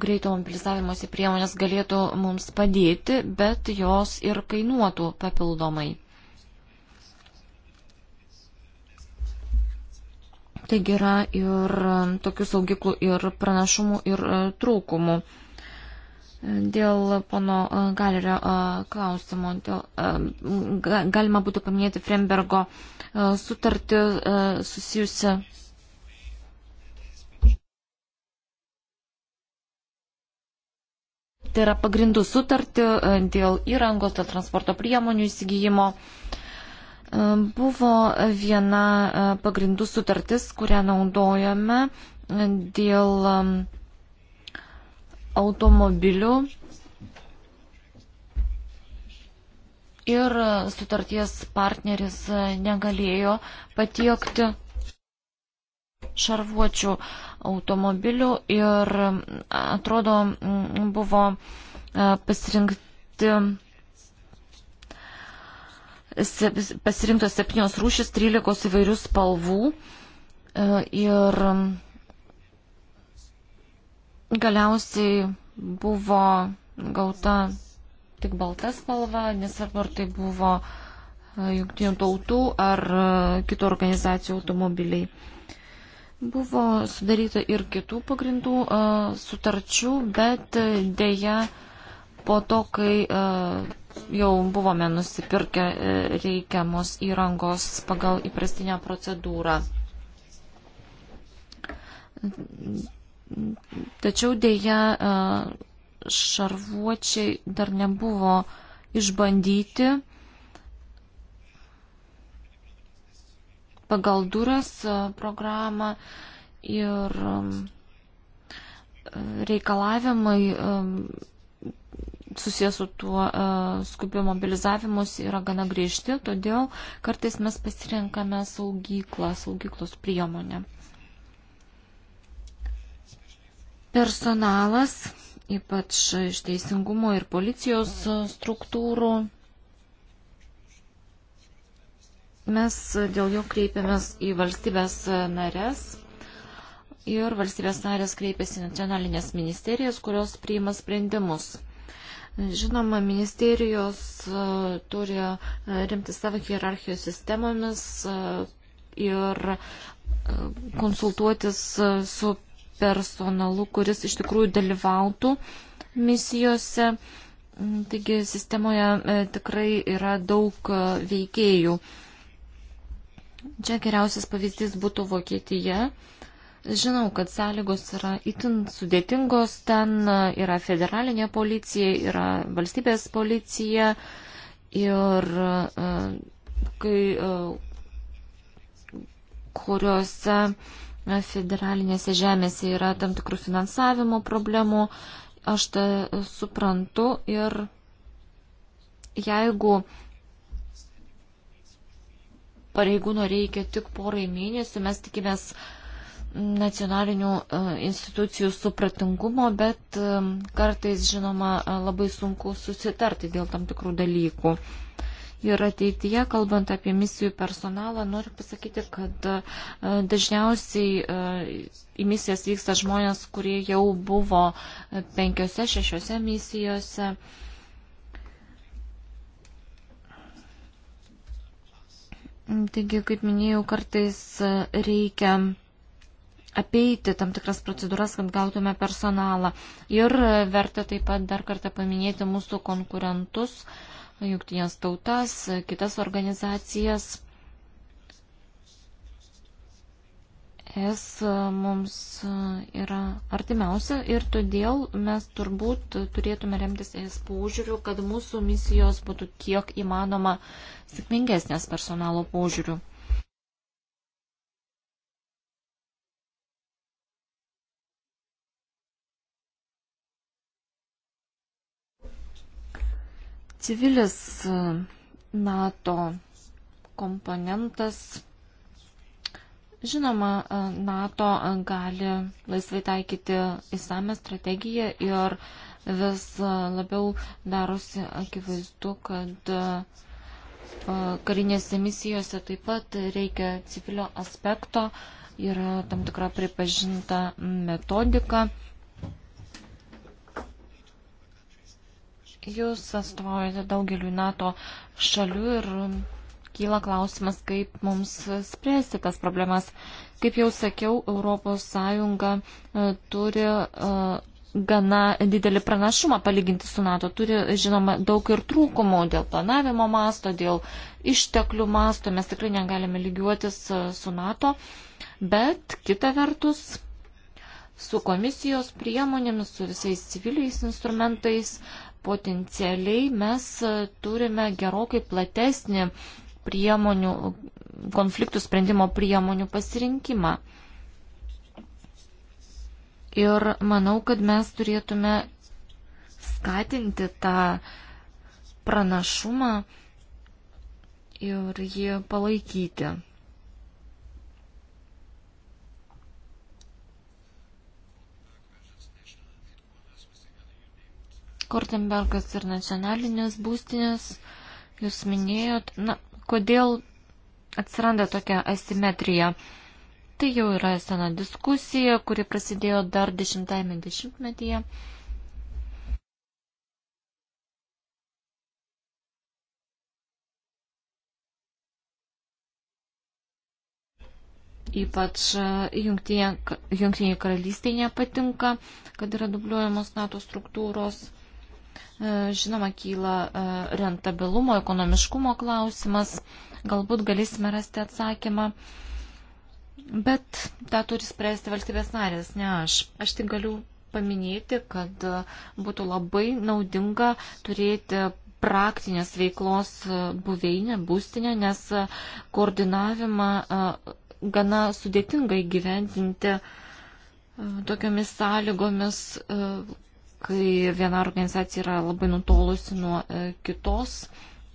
greito mobilizavimosi priemonės galėtų mums padėti, bet jos ir kainuotų papildomai. Taigi yra ir e, tokių saugiklų ir pranašumų ir e, trūkumų. Dėl pono e, Galerio klausimo, dėl, galima būtų paminėti Frembergo sutartį susijusią. Tai yra pagrindų sutartį dėl įrangos, dėl transporto priemonių įsigijimo. Uh, Buvo viena e, pagrindų sutartis, kurią naudojame e, dėl automobilių ir sutarties partneris negalėjo patiekti šarvuočių automobilių ir atrodo buvo e, pasirinkti pasirinktos septynios rūšis, trylikos įvairių spalvų e, ir mm, galiausiai buvo gauta tik balta spalva, nesvarbu ar tai buvo e, jungtinių tautų ar e, kitų organizacijų automobiliai. Buvo sudaryta ir kitų pagrindų sutarčių, bet dėja po to, kai jau buvome nusipirkę e, reikiamos įrangos pagal įprastinę procedūrą. Tačiau dėja e, šarvuočiai dar nebuvo išbandyti. pagal duras e, programą ir reikalavimai susijęs su tuo e, skubiu mobilizavimus yra gana griežti, todėl kartais mes pasirenkame saugyklą, saugyklos priemonę. Personalas, ypač iš teisingumo ir policijos struktūrų, mes dėl jo kreipiamės į valstybės narės ir valstybės narės kreipiasi nacionalinės ministerijas, kurios priima sprendimus Žinoma, ministerijos e, turi e, rimti savo hierarchijos sistemomis e, ir konsultuotis su personalu, kuris iš tikrųjų dalyvautų misijose. Taigi sistemoje tikrai yra daug veikėjų. Čia geriausias pavyzdys būtų Vokietija, Žinau, kad sąlygos yra itin sudėtingos, ten yra federalinė policija, yra valstybės policija ir e, kai e, kuriuose federalinėse žemėse yra tam tikrų finansavimo problemų, aš tą suprantu ir jeigu pareigūno reikia tik porai mėnesių, mes tikimės, uh, nacionalinių e, institucijų supratingumo, bet e, kartais, žinoma, e, labai sunku susitarti dėl tam tikrų dalykų. Ir ateityje, kalbant apie misijų personalą, noriu pasakyti, kad dažniausiai į misijas vyksta žmonės, kurie jau buvo penkiose, šešiose misijose. Taigi, kaip minėjau, kartais reikia apeiti tam tikras procedūras, kad gautume personalą. Ir verta taip pat dar kartą paminėti mūsų konkurentus, jungtinės tautas, kitas organizacijas. Es mums yra artimiausia ir todėl mes turbūt turėtume remtis es požiūriu, kad mūsų misijos būtų kiek įmanoma sėkmingesnės personalo požiūriu. Civilis e, NATO komponentas. Žinoma, e, NATO gali laisvai taikyti įsame strategiją ir vis e, labiau darosi akivaizdu, kad karinėse misijose taip pat reikia civilio aspekto, yra tam tikra pripažinta metodika, Jūs atstovaujate daugeliu NATO šalių ir kyla klausimas, kaip mums spręsti tas problemas. Kaip jau sakiau, ES e, turi e, gana didelį pranašumą palyginti su NATO. Turi, žinoma, daug ir trūkumų dėl planavimo masto, dėl išteklių masto. Mes tikrai negalime lygiuotis e, su NATO. Bet kita vertus, su komisijos priemonėmis, su visais civiliais instrumentais potencialiai mes e, turime gerokai platesnį priemonių, konfliktų sprendimo priemonių pasirinkimą. Ir manau, kad mes turėtume skatinti tą pranašumą ir jį palaikyti. Kortenbergas ir nacionalinės būstinės, jūs minėjot, na, kodėl atsiranda tokia asimetrija. Tai jau yra sena diskusija, kuri prasidėjo dar dešimtajame dešimtmetyje. Ypač e, jungtinėje karalystėje nepatinka, kad yra dubliuojamos NATO struktūros. E, žinoma, kyla e, rentabilumo, ekonomiškumo klausimas. Galbūt galėsime rasti atsakymą. Bet tą turi spręsti valstybės narės, ne aš. Aš tik galiu paminėti, kad e, būtų labai naudinga turėti praktinės veiklos buveinę, būstinę, nes koordinavimą gana sudėtinga įgyvendinti tokiomis sąlygomis, kai viena organizacija yra labai nutolusi nuo e, kitos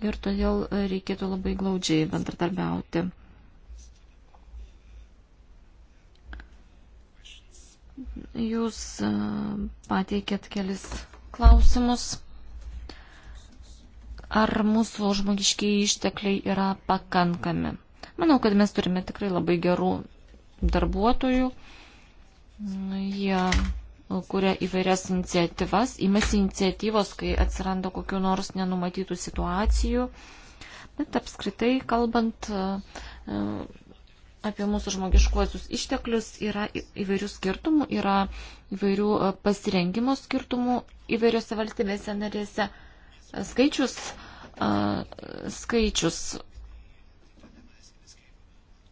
ir todėl e, reikėtų labai glaudžiai bendradarbiauti. Jūs e, pateikėt kelis klausimus. Ar mūsų žmogiškiai ištekliai yra pakankami? Manau, kad mes turime tikrai labai gerų darbuotojų. Jie kuria įvairias iniciatyvas, imasi iniciatyvos, kai atsiranda kokiu nors nenumatytų situacijų. Bet apskritai, kalbant apie mūsų žmogiškuosius išteklius, yra įvairių skirtumų, yra įvairių pasirengimo skirtumų įvairiose valstybėse narėse. Skaičius, skaičius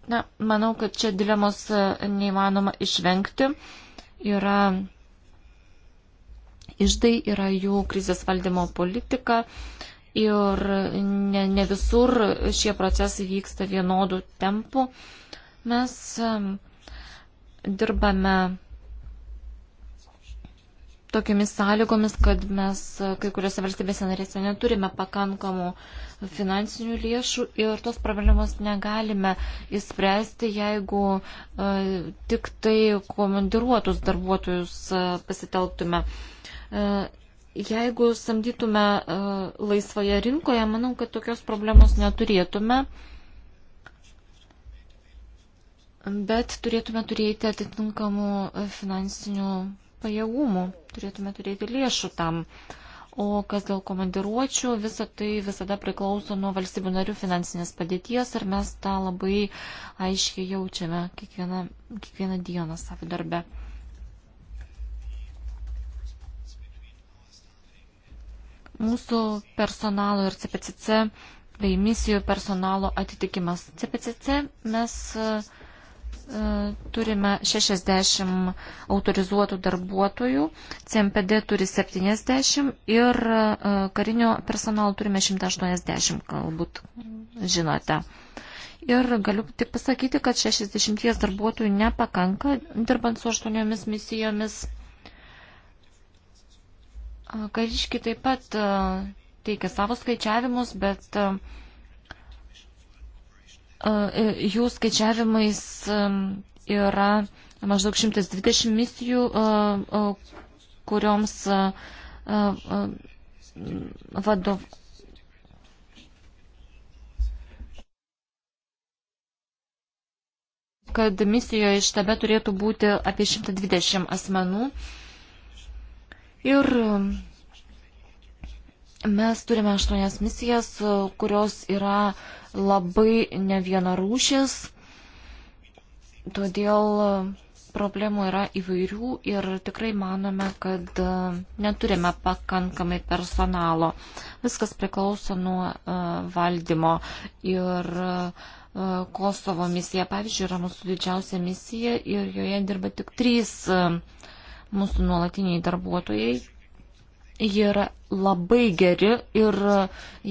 Na, manau, kad čia dilemos neįmanoma išvengti. Yra Išdai yra jų krizės valdymo politika ir ne, ne visur šie procesai vyksta vienodu tempu. Mes dirbame tokiamis sąlygomis, kad mes kai kuriuose valstybėse narėse neturime pakankamų finansinių lėšų ir tos problemos negalime įspręsti, jeigu e, tik tai komandiruotus darbuotojus e, pasitelktume. E, E, jeigu samdytume e, laisvoje rinkoje, manau, kad tokios problemos neturėtume, bet turėtume turėti atitinkamų e, finansinių pajėgumų, turėtume turėti lėšų tam. O kas dėl komandiruočių, visa tai visada priklauso nuo valstybių narių finansinės padėties ir mes tą labai aiškiai jaučiame kiekvieną, kiekvieną dieną savo darbę. mūsų personalo ir CPCC bei misijų personalo atitikimas. CPCC mes e, e, turime 60 autorizuotų darbuotojų, CMPD turi 70 ir e, karinio personalo turime 180, galbūt žinote. Ir galiu tik pasakyti, kad 60 darbuotojų nepakanka dirbant su aštuoniomis misijomis. Kariškiai taip pat teikia savo skaičiavimus, bet e, jų skaičiavimais yra maždaug 120 misijų, kurioms vadov. kad misijoje štabe turėtų būti apie 120 asmenų. Uh, Ir um, mes turime aštuonias misijas, kurios yra labai ne viena rūšis, todėl um, problemų yra įvairių ir tikrai manome, kad um, neturime pakankamai personalo. Viskas priklauso nuo uh, valdymo ir uh, Kosovo misija, pavyzdžiui, yra mūsų didžiausia misija ir joje dirba tik trys mūsų nuolatiniai darbuotojai. Jie yra labai geri ir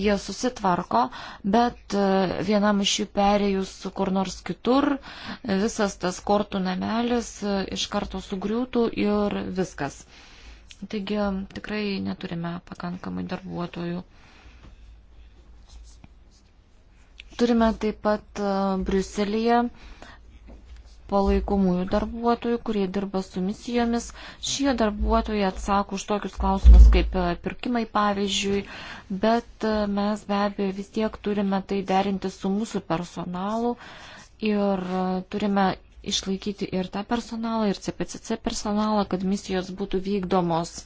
jie susitvarko, bet e, vienam iš jų perėjus kur nors kitur, visas tas kortų namelis e, iš karto sugriūtų ir viskas. Taigi tikrai neturime pakankamai darbuotojų. Turime taip pat e, Briuselėje palaikomųjų darbuotojų, kurie dirba su misijomis. Šie darbuotojai atsako už tokius klausimus kaip e, pirkimai, pavyzdžiui, bet e, mes be abejo vis tiek turime tai derinti su mūsų personalu ir e, turime išlaikyti ir tą personalą, ir CPCC personalą, kad misijos būtų vykdomos.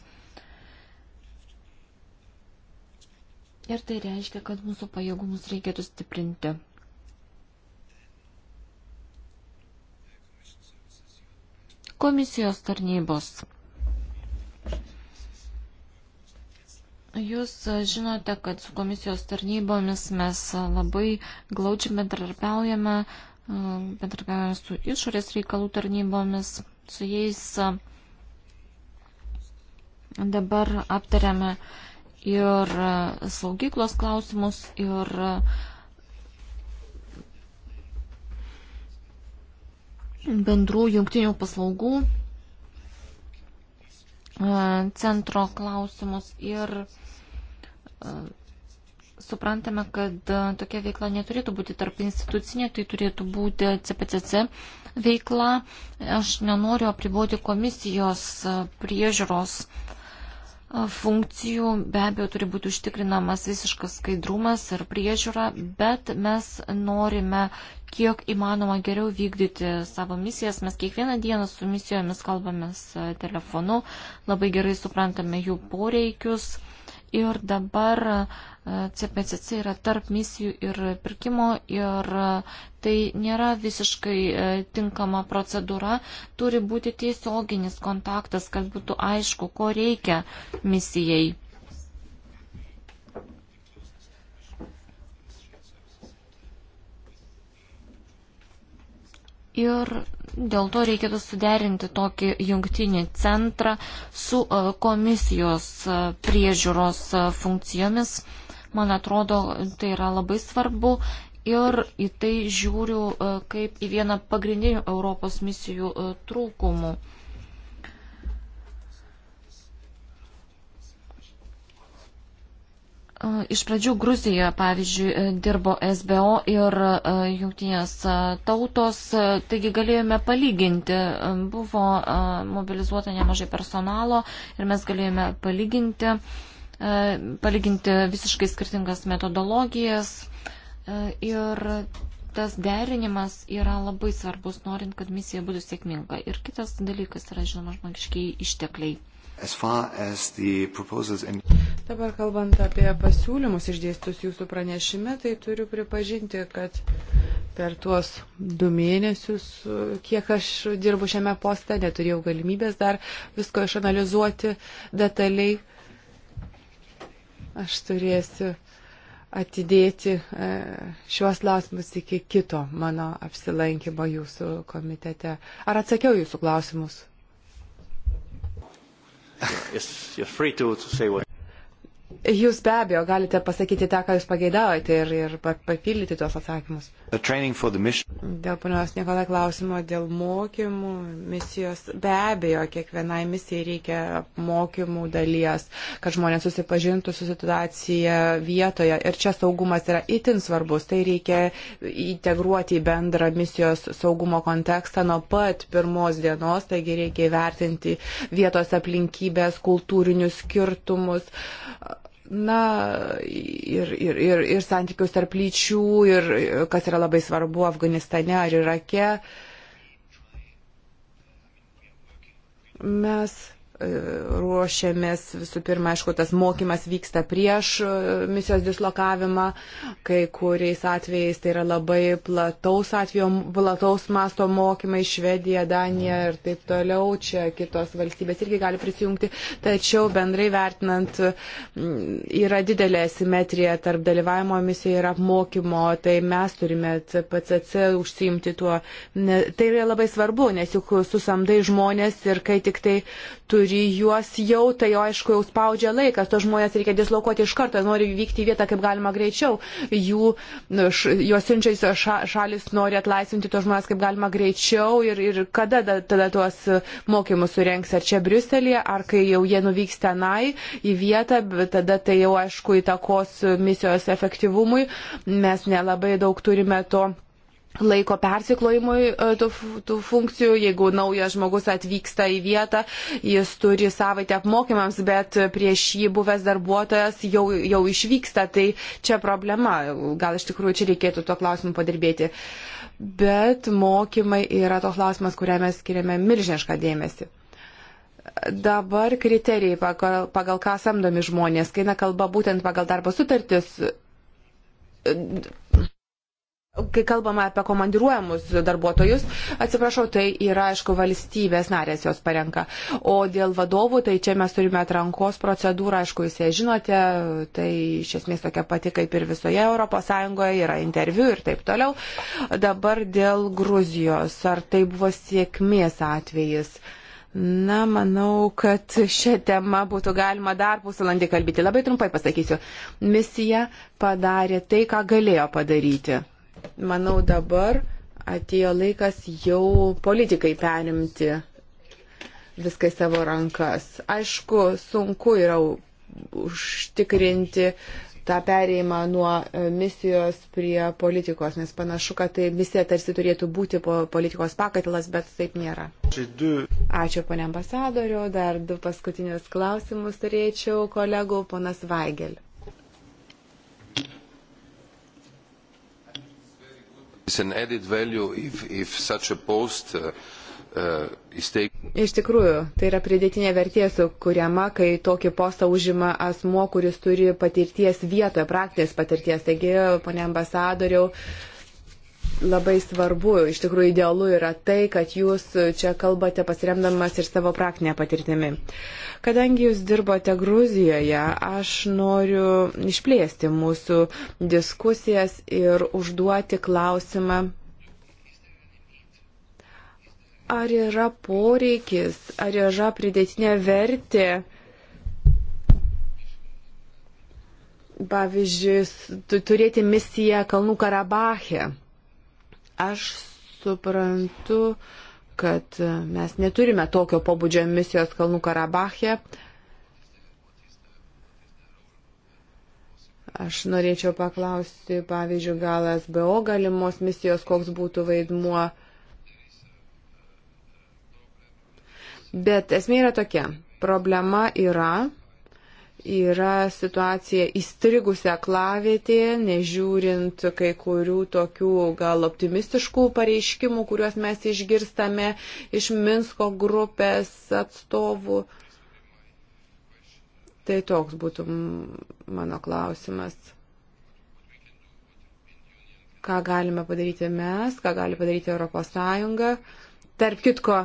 Ir tai reiškia, kad mūsų pajėgumus reikėtų stiprinti. komisijos tarnybos. Jūs e, žinote, kad su komisijos tarnybomis mes e, labai glaučiai bendradarbiaujame, e, bendradarbiaujame su išorės reikalų tarnybomis, su jais dabar aptariame ir saugyklos klausimus, ir uh, bendrų jungtinių paslaugų e, centro klausimus ir e, suprantame, kad e, tokia veikla neturėtų būti tarp institucinė, tai turėtų būti CPCC veikla. Aš nenoriu apriboti komisijos priežiūros uh, funkcijų be abejo turi būti užtikrinamas visiškas skaidrumas ir priežiūra, bet mes norime kiek įmanoma geriau vykdyti savo misijas. Mes kiekvieną dieną su misijomis kalbamės telefonu, labai gerai suprantame jų poreikius Ir dabar CPCC e, yra tarp misijų ir pirkimo ir e, tai nėra visiškai e, tinkama procedūra. Turi būti tiesioginis kontaktas, kad būtų aišku, ko reikia misijai. ir dėl to reikėtų suderinti tokį jungtinį centrą su e, komisijos e, priežiūros e, funkcijomis. Man atrodo, tai yra labai svarbu ir į tai žiūriu kaip į vieną pagrindinių Europos misijų trūkumų. Iš pradžių Gruzijoje, pavyzdžiui, e, dirbo SBO ir e, jungtinės e, tautos, taigi galėjome palyginti. Buvo mobilizuota nemažai personalo ir mes galėjome palyginti, palyginti visiškai skirtingas metodologijas. Ir tas derinimas yra labai svarbus, norint, kad misija būtų sėkminga. Ir kitas dalykas yra, žinoma, žmogiškiai ištekliai. In... Dabar kalbant apie pasiūlymus išdėstus jūsų pranešime, tai turiu pripažinti, kad per tuos du mėnesius, kiek aš dirbu šiame poste, neturėjau galimybės dar visko išanalizuoti detaliai. Aš turėsiu atidėti e, šiuos klausimus iki kito mano apsilankimo jūsų komitete. Ar atsakiau jūsų klausimus? Yes, you're free to, to say what. Jūs be abejo galite pasakyti tą, ką jūs pageidaujate ir, ir papildyti tuos atsakymus. Dėl ponios Nikolai klausimo, dėl mokymų misijos, be abejo, kiekvienai misijai reikia mokymų dalies, kad žmonės susipažintų su situacija vietoje. Ir čia saugumas yra itin svarbus, tai reikia integruoti į bendrą misijos saugumo kontekstą nuo pat pirmos dienos, taigi reikia įvertinti vietos aplinkybės, kultūrinius skirtumus na, ir, ir, ir, ir santykius tarp lyčių, ir kas yra labai svarbu Afganistane ar Irake. Mes ruošiamės, visų pirma, aišku, tas mokymas vyksta prieš e, misijos dislokavimą, kai kuriais atvejais tai yra labai plataus atvejo, plataus masto mokymai, Švedija, Danija ir taip toliau, čia kitos valstybės irgi gali prisijungti, tačiau bendrai vertinant yra didelė simetrija tarp dalyvavimo misijoje ir apmokymo, tai mes turime PCC užsiimti tuo. Tai yra labai svarbu, nes juk susamdai žmonės ir kai tik tai turi juos jau, tai jo aišku, jau spaudžia laikas, to žmonės reikia dislokuoti iš karto, nori vykti į vietą kaip galima greičiau. Jų, nu, š, juos siunčiais ša, šalis nori atlaisvinti to žmonės kaip galima greičiau ir, ir kada da, tada tuos mokymus surenks, ar čia Briuselėje, ar kai jau jie nuvyks tenai į vietą, tada tai jau aišku įtakos misijos efektyvumui. Mes nelabai daug turime to laiko persiklojimui e, tų, tų funkcijų. Jeigu naujas žmogus atvyksta į vietą, jis turi savaitę apmokymams, bet prieš jį buvęs darbuotojas jau, jau išvyksta. Tai čia problema. Gal iš tikrųjų čia reikėtų tuo klausimu padirbėti. Bet mokymai yra toks klausimas, kuriam mes skiriame milžinišką dėmesį. Dabar kriterijai, pagal, pagal ką samdomi žmonės, kai nekalba būtent pagal darbo sutartis kai kalbame apie komandiruojamus darbuotojus, atsiprašau, tai yra, aišku, valstybės narės jos parenka. O dėl vadovų, tai čia mes turime atrankos procedūrą, aišku, jūs ją žinote, tai iš esmės tokia pati kaip ir visoje ES, yra interviu ir taip toliau. Dabar dėl Gruzijos, ar tai buvo sėkmės atvejis? Na, manau, kad šią temą būtų galima dar pusvalandį kalbėti. Labai trumpai pasakysiu. Misija padarė tai, ką galėjo padaryti. Manau, dabar atėjo laikas jau politikai perimti viską į savo rankas. Aišku, sunku yra užtikrinti tą perėjimą nuo e, misijos prie politikos, nes panašu, kad tai misija tarsi turėtų būti po politikos pakatilas, bet taip nėra. Ačiū, ponė ambasadoriu. Dar du paskutinius klausimus turėčiau kolegų, ponas Vaigel. Uh, uh, Iš tikrųjų, tai yra pridėtinė vertė sukūriama, kai tokį postą užima asmo, kuris turi patirties vietoje, praktinės patirties. Taigi, ponė ambasadoriau, labai svarbu, iš tikrųjų idealu yra tai, kad jūs čia kalbate pasiremdamas ir savo praktinę patirtimį. Kadangi jūs dirbote Gruzijoje, aš noriu išplėsti mūsų diskusijas ir užduoti klausimą ar yra poreikis, ar yra pridėtinė vertė, pavyzdžiui, turėti misiją Kalnų Karabache. Aš suprantu, kad mes neturime tokio pobūdžio misijos Kalnų Karabache. Aš norėčiau paklausti, pavyzdžiui, gal SBO galimos misijos, koks būtų vaidmuo. Bet esmė yra tokia. Problema yra, yra situacija įstrigusi aklavietėje, nežiūrint kai kurių tokių gal optimistiškų pareiškimų, kuriuos mes išgirstame iš Minsko grupės atstovų. Tai toks būtų mano klausimas. Ką galime padaryti mes, ką gali padaryti ES. Tarp kitko,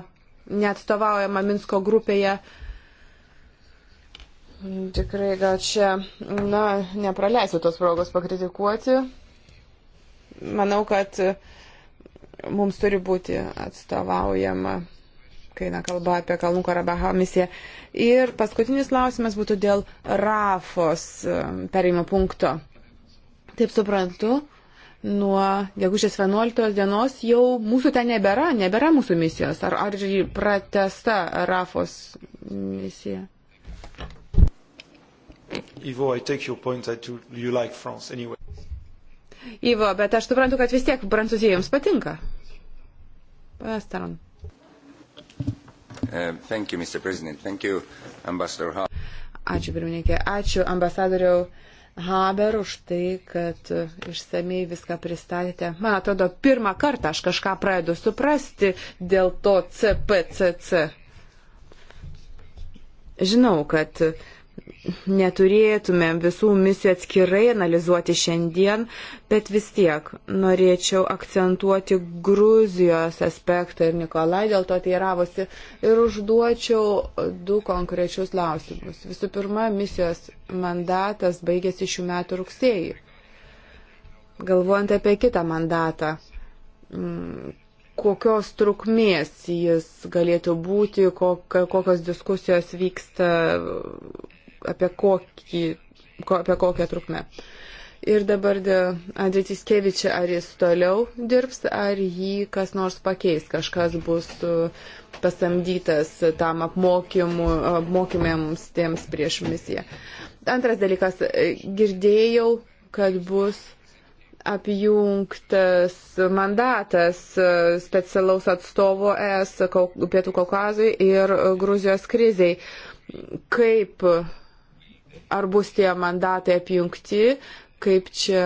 neatstovaujama Minsko grupėje uh, Tikrai gal čia, na, nepraleisiu tos progos pakritikuoti. Manau, kad mums turi būti atstovaujama, kai na kalba apie Kalnų Karabaho misiją. Ir paskutinis klausimas būtų dėl Rafos perėjimo punkto. Taip suprantu, nuo gegužės 11 dienos jau mūsų ten nebėra, nebėra mūsų misijos. Ar, ar pratesta Rafos misija? Ivo, I take your point that you, you like France anyway. Ivo, bet aš suprantu, kad vis tiek Prancūzija jums patinka. Pastaron. Uh, thank you, Mr. President. Thank you, Ambassador Hall. Ačiū, pirmininkė. Ačiū, ambasadoriau. Haber už tai, kad uh, išsamei viską pristatėte. Man atrodo, pirmą kartą aš kažką pradedu suprasti dėl to CPCC. Žinau, kad neturėtume visų misijų atskirai analizuoti šiandien, bet vis tiek norėčiau akcentuoti Gruzijos aspektą ir Nikolai dėl to teiravosi ir užduočiau du konkrečius klausimus. Visų pirma, misijos mandatas baigėsi šių metų rugsėjį. Galvojant apie kitą mandatą, mm, kokios trukmės jis galėtų būti, kokios diskusijos vyksta apie, kokį, ko, apie kokią trukmę. Ir dabar Andritis Kevičiai, ar jis toliau dirbs, ar jį kas nors pakeis, kažkas bus uh, pasamdytas tam apmokymėms tiems prieš misiją. Antras dalykas, girdėjau, kad bus apjungtas mandatas uh, specialaus atstovo ES Pietų Kaukazui ir Gruzijos kriziai. Kaip ar bus tie mandatai apjungti, kaip čia,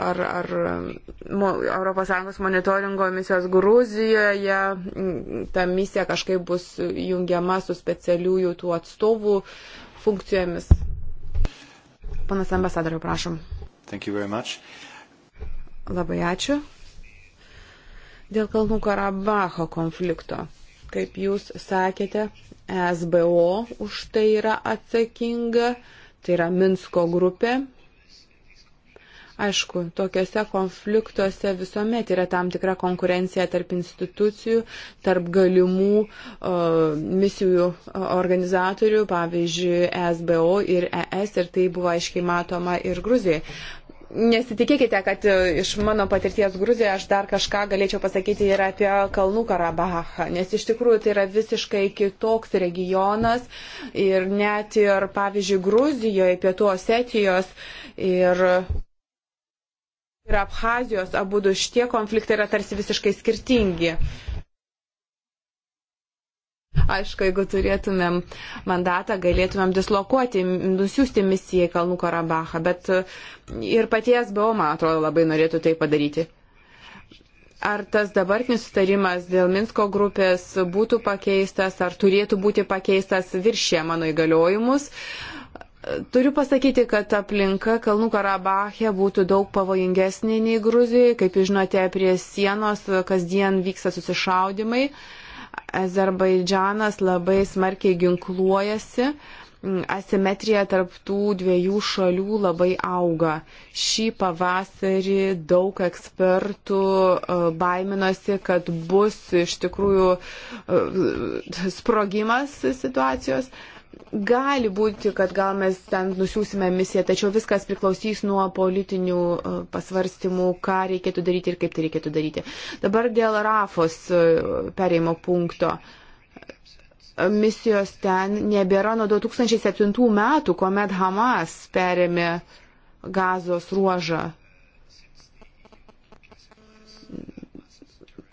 ar, ar ES monitoringo misijos Gruzijoje, ta misija kažkaip bus jungiama su specialiųjų tų atstovų funkcijomis. Panas ambasadoriu, prašom. Labai ačiū. Dėl Kalnų Karabacho konflikto, kaip jūs sakėte, SBO už tai yra atsakinga. Uh, tai yra Minsko grupė. Aišku, tokiuose konfliktuose visuomet yra tam tikra konkurencija tarp institucijų, tarp galimų o, misijų organizatorių, pavyzdžiui, SBO ir ES, ir tai buvo aiškiai matoma ir Gruzijoje nesitikėkite, kad e, iš mano patirties Gruzijoje aš dar kažką galėčiau pasakyti ir apie Kalnų Karabachą, nes iš tikrųjų tai yra visiškai kitoks regionas ir net ir, pavyzdžiui, Gruzijoje, Pietų Osetijos ir ir Abhazijos abu du šitie konfliktai yra tarsi visiškai skirtingi. Aišku, jeigu turėtumėm mandatą, galėtumėm dislokuoti, nusiųsti misiją į Kalnų Karabachą, bet e, ir paties BO, man atrodo, labai norėtų tai padaryti. Ar tas dabartinis sutarimas dėl Minsko grupės būtų pakeistas, ar turėtų būti pakeistas viršė mano įgaliojimus? E, turiu pasakyti, kad aplinka Kalnų Karabache būtų daug pavojingesnė nei Gruzijoje. Kaip žinote, prie sienos kasdien vyksta susišaudimai. Uh, Azerbaidžanas labai smarkiai ginkluojasi, mm, asimetrija tarptų dviejų šalių labai auga. Šį pavasarį daug ekspertų e, baiminosi, kad bus iš tikrųjų e, sprogimas situacijos. Gali būti, kad gal mes ten nusiųsime misiją, tačiau viskas priklausys nuo politinių e, pasvarstymų, ką reikėtų daryti ir kaip tai reikėtų daryti. Dabar dėl Rafos e, pereimo punkto. E, misijos ten nebėra nuo 2007 metų, kuomet Hamas perėmė gazos ruožą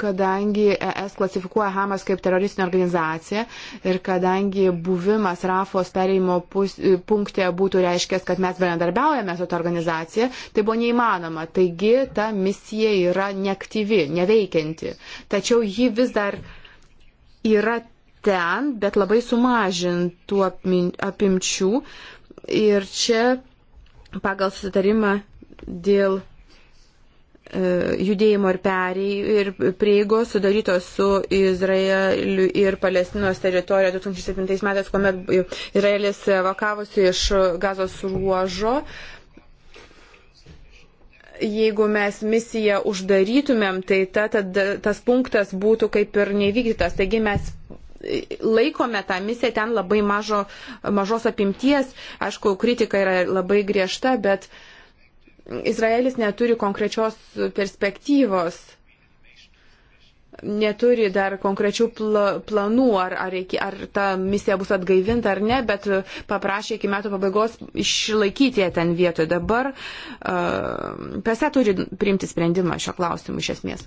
kadangi ES klasifikuoja Hamas kaip teroristinę organizaciją ir kadangi buvimas Rafos pereimo punkte būtų reiškęs, kad mes bendradarbiaujame su ta organizacija, tai buvo neįmanoma. Taigi ta misija yra neaktyvi, neveikianti. Tačiau ji vis dar yra ten, bet labai sumažintų apimčių. Ir čia pagal sutarimą dėl judėjimo ir, perėj, ir prieigos sudarytos su Izraeliu ir Palestinos teritorija 2007 metais, kuomet Izraelis evakavosi iš gazos ruožo. Jeigu mes misiją uždarytumėm, tai ta, ta, tas punktas būtų kaip ir nevykdytas. Taigi mes laikome tą misiją ten labai mažo, mažos apimties. Aišku, kritika yra labai griežta, bet uh, Izraelis neturi konkrečios perspektyvos, neturi dar konkrečių pla, planų, ar, ar, iki, ar ta misija bus atgaivinta ar ne, bet paprašė iki metų pabaigos išlaikyti ją ten vietoje. Dabar uh, PSA turi priimti sprendimą šio klausimu iš esmės.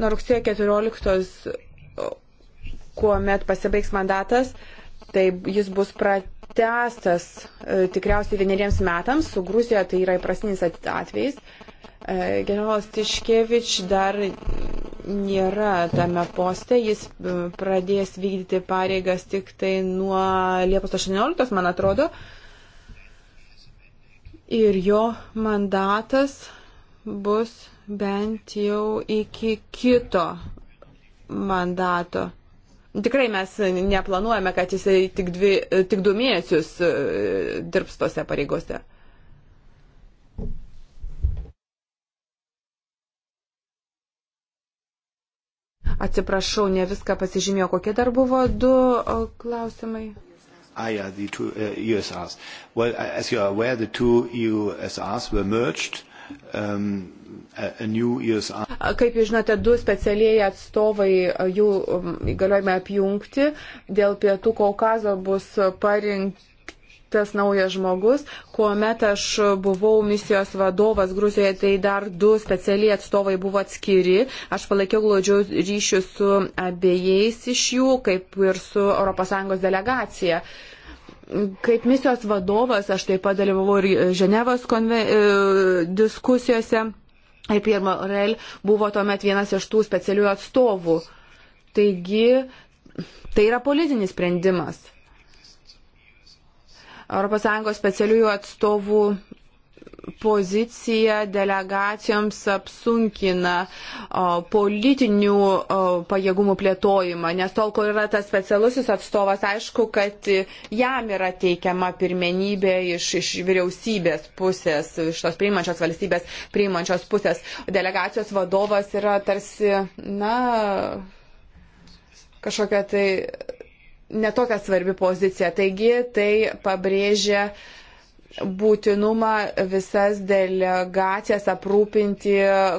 Nuo rugsėjo 14, kuomet pasibaigs mandatas, tai jis bus pratestas e, tikriausiai vieneriems metams. Su Gruzija tai yra įprasinis atvejs. E, generolas Tiškevič dar nėra tame poste, jis e, pradės vykdyti pareigas tik tai nuo Liepos 18, man atrodo. Ir jo mandatas bus bent jau iki kito mandato. Tikrai mes neplanuojame, kad jisai tik, dvi, tik du mėnesius e, dirbs tose pareigose. Atsiprašau, ne viską pasižymėjau. Kokie dar buvo du klausimai? Ah, yeah, the two uh, äh, USRs. Well, as you are aware, the two USRs were merged. Um, kaip jūs žinote, du specialieji atstovai jų um, įgaliojame apjungti. Dėl pietų Kaukazo bus parinktas naujas žmogus. Kuomet aš buvau misijos vadovas Gruzijoje, tai dar du specialiai atstovai buvo atskiri. Aš palaikiau glaudžiau ryšių su abiejais iš jų, kaip ir su ES delegacija. Uh, Kaip misijos vadovas aš taip pat dalyvavau ir Ženevos konve, e, diskusijose. Ir Pierre Morel buvo tuomet vienas iš tų specialių atstovų. Taigi, tai yra politinis sprendimas. ES specialiųjų atstovų pozicija delegacijoms apsunkina o, politinių o, pajėgumų plėtojimą, nes tol, kol yra tas specialusis atstovas, aišku, kad jam yra teikiama pirmenybė iš, iš vyriausybės pusės, iš tos priimančios valstybės priimančios pusės. Delegacijos vadovas yra tarsi, na, kažkokia tai netokia svarbi pozicija. Taigi tai pabrėžia uh, būtinumą visas delegacijas aprūpinti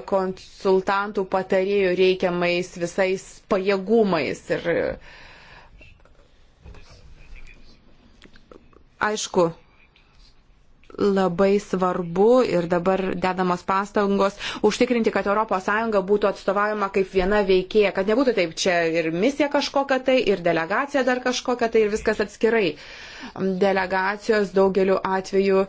konsultantų patarėjų reikiamais visais pajėgumais. Ir aišku, labai svarbu ir dabar dedamos pastangos užtikrinti, kad ES būtų atstovaujama kaip viena veikėja, kad nebūtų taip čia ir misija kažkokia tai, ir delegacija dar kažkokia tai, ir viskas atskirai. Uh, delegacijos daugeliu atveju e,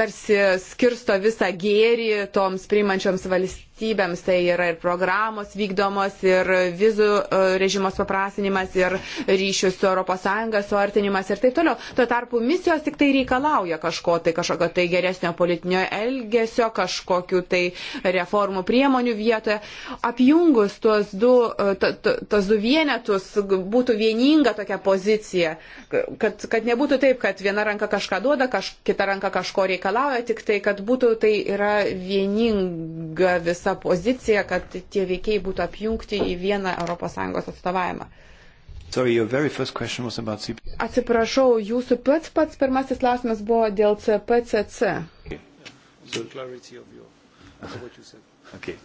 tarsi skirsto visą gėrį toms priimančioms valstybėms valstybėms. Tai yra ir programos vykdomos, ir vizų e, režimos paprasinimas, ir ryšių su ES suartinimas ir taip toliau. Tuo tarpu misijos tik tai reikalauja kažko, tai kažkokio tai geresnio politinio elgesio, kažkokių tai reformų priemonių vietoje. Apjungus tuos du, e, to, to, tos du vienetus būtų vieninga tokia pozicija, kad, kad nebūtų taip, kad viena ranka kažką duoda, kaž, kita ranka kažko reikalauja, tik tai, kad būtų tai yra vieninga visa visą poziciją, kad tie veikiai būtų apjungti į vieną ES atstovavimą. Sorry, about... Atsiprašau, jūsų pats pats pirmasis klausimas buvo dėl CPCC. Okay. So, okay.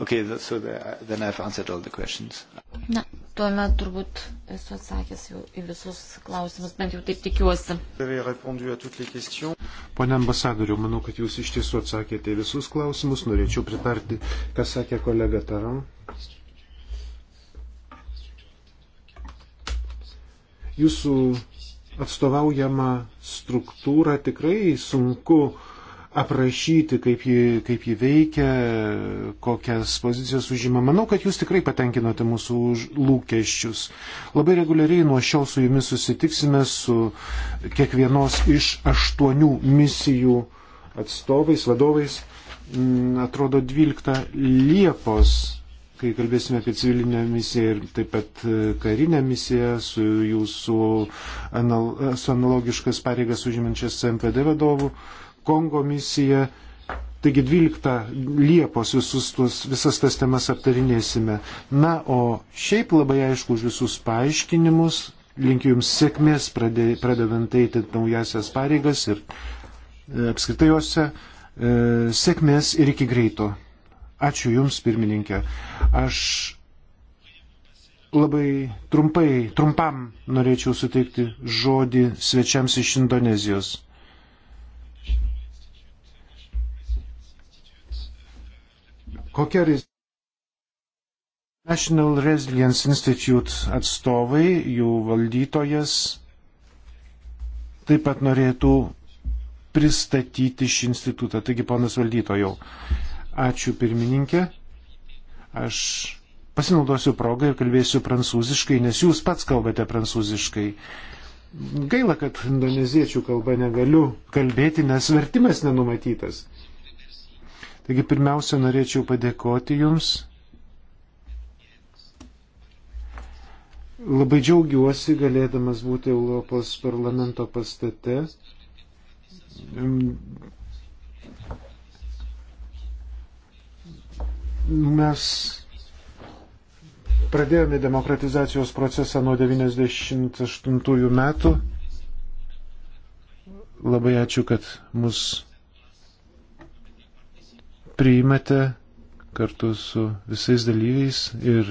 Okay, so the, then I've answered all the questions. Na, tuomet turbūt esu atsakęs jau į visus klausimus, bent jau taip tikiuosi. Pone ambasadoriu, manau, kad jūs iš tiesų atsakėte į visus klausimus. Norėčiau pritarti, ką sakė kolega Taram. Jūsų atstovaujama struktūra tikrai sunku uh, aprašyti, kaip ji, kaip ji veikia, kokias pozicijas užima. Manau, kad jūs tikrai patenkinote mūsų lūkesčius. Labai reguliariai nuo šiol su jumis susitiksime su kiekvienos iš aštuonių misijų atstovais, vadovais. Mm, atrodo, 12 Liepos, kai kalbėsime apie civilinę misiją ir taip pat e, karinę misiją su jūsų anal, su analogiškas pareigas užimančias MPD vadovu. Uh, Kongo misiją. Taigi 12 Liepos visus tuos, visas tas temas aptarinėsime. Na, o šiaip labai aišku už visus paaiškinimus. Linkiu Jums sėkmės pradė, pradedant eiti naujasias pareigas ir e, apskritai juose. E, sėkmės ir iki greito. Ačiū Jums, pirmininkė. Aš labai trumpai, trumpam norėčiau suteikti žodį svečiams iš Indonezijos. Kokia rizika? National Resilience Institute atstovai, jų valdytojas taip pat norėtų pristatyti šį institutą. Taigi, ponas valdytojau, ačiū pirmininkė. Aš pasinaudosiu progą ir kalbėsiu prancūziškai, nes jūs pats kalbate prancūziškai. Gaila, kad indoneziečių kalba negaliu kalbėti, nes vertimas nenumatytas. Taigi pirmiausia, norėčiau padėkoti Jums. Labai džiaugiuosi galėdamas būti Europos parlamento pastate. Mes pradėjome demokratizacijos procesą nuo 98 metų. Labai ačiū, kad mus priimate kartu su visais dalyviais ir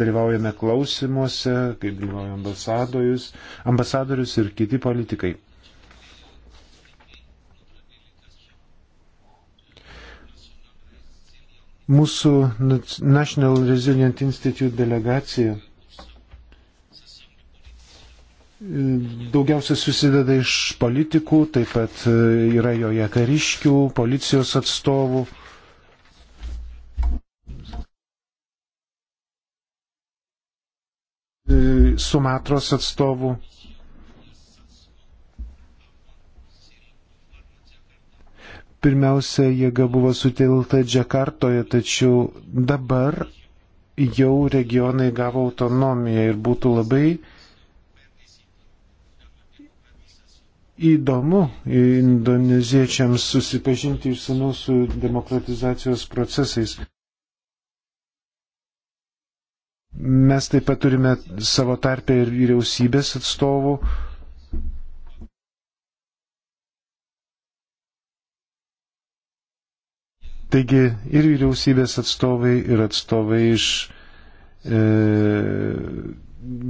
dalyvaujame klausimuose, kaip dalyvauja ambasadorius, ambasadorius ir kiti politikai. Mūsų National Resilient Institute delegacija daugiausia susideda iš politikų, taip pat yra joje kariškių, policijos atstovų Sumatros atstovų. Pirmiausia, jėga buvo sutilta Džakartoje, tačiau dabar jau regionai gavo autonomiją ir būtų labai įdomu indoneziečiams susipažinti išsamiau su demokratizacijos procesais. Mes taip pat turime savo tarpę ir vyriausybės atstovų. Taigi ir vyriausybės atstovai, ir atstovai iš e,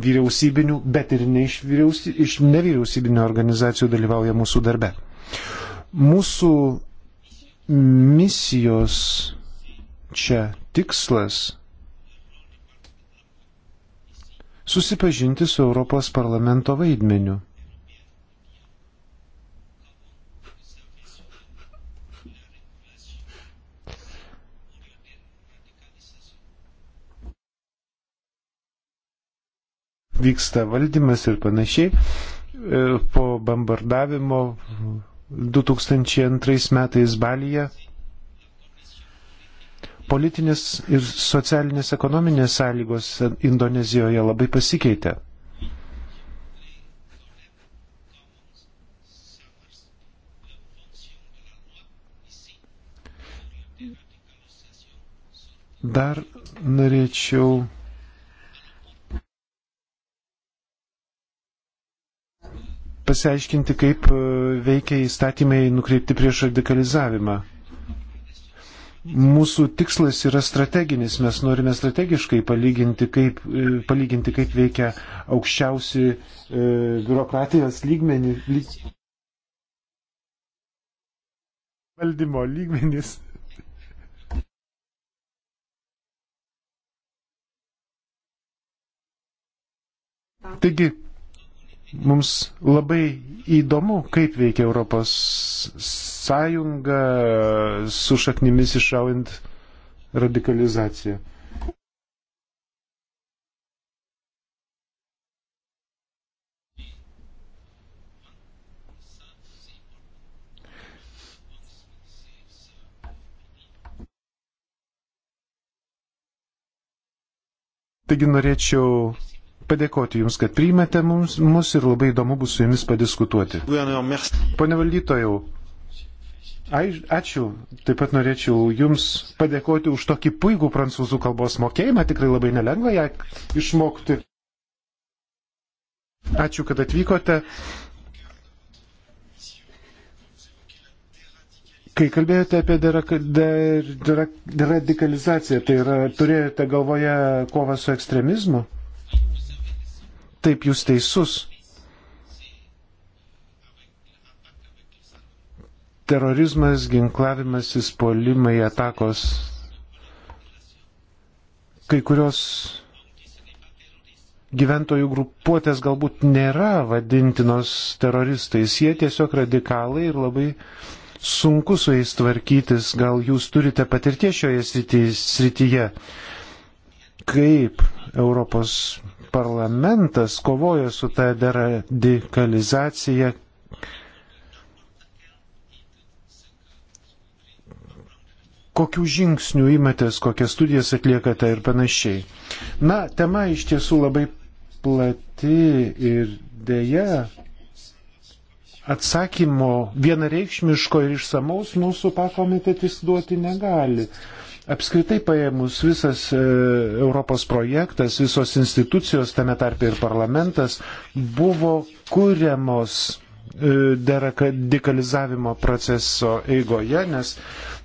vyriausybinių, bet ir ne iš, vyriausy, iš nevyriausybinių organizacijų dalyvauja mūsų darbe. Mūsų misijos čia tikslas susipažinti su Europos parlamento vaidmeniu. Vyksta valdymas ir panašiai. E, po bombardavimo 2002 metais Balyje politinės ir socialinės ekonominės sąlygos Indonezijoje labai pasikeitė. Dar norėčiau pasiaiškinti, kaip veikia įstatymai nukreipti prieš radikalizavimą. Mūsų tikslas yra strateginis, mes norime strategiškai palyginti, kaip, e, palyginti, kaip veikia aukščiausi e, biurokratijos lygmenį, lyg... valdymo lygmenys. Taigi, Mums labai įdomu, kaip veikia Europos sąjunga su šaknimis išaujant radikalizaciją. Taigi norėčiau padėkoti Jums, kad priimate mums, mus ir labai įdomu bus su Jumis padiskutuoti. Pane valdytojau, ačiū. Taip pat norėčiau Jums padėkoti už tokį puikų prancūzų kalbos mokėjimą. Tikrai labai nelengva ją išmokti. Ačiū, kad atvykote. Kai kalbėjote apie deradikalizaciją, tai yra, turėjote galvoje kovą su ekstremizmu? Taip jūs teisus. Terorizmas, ginklavimasis, polimai, atakos. Kai kurios gyventojų grupuotės galbūt nėra vadintinos teroristais, jie tiesiog radikalai ir labai sunku su jais tvarkytis, gal jūs turite patirties šioje srityje, kaip Europos parlamentas kovoja su ta deradikalizacija. Kokių žingsnių įmatės, kokias studijas atliekate ir panašiai. Na, tema iš tiesų labai plati ir dėja atsakymo vienareikšmiško ir išsamaus mūsų pakomitetis duoti negali. Apskritai paėmus visas e, Europos projektas, visos institucijos, tame tarpe ir parlamentas, buvo kuriamos E, deradikalizavimo proceso eigoje, nes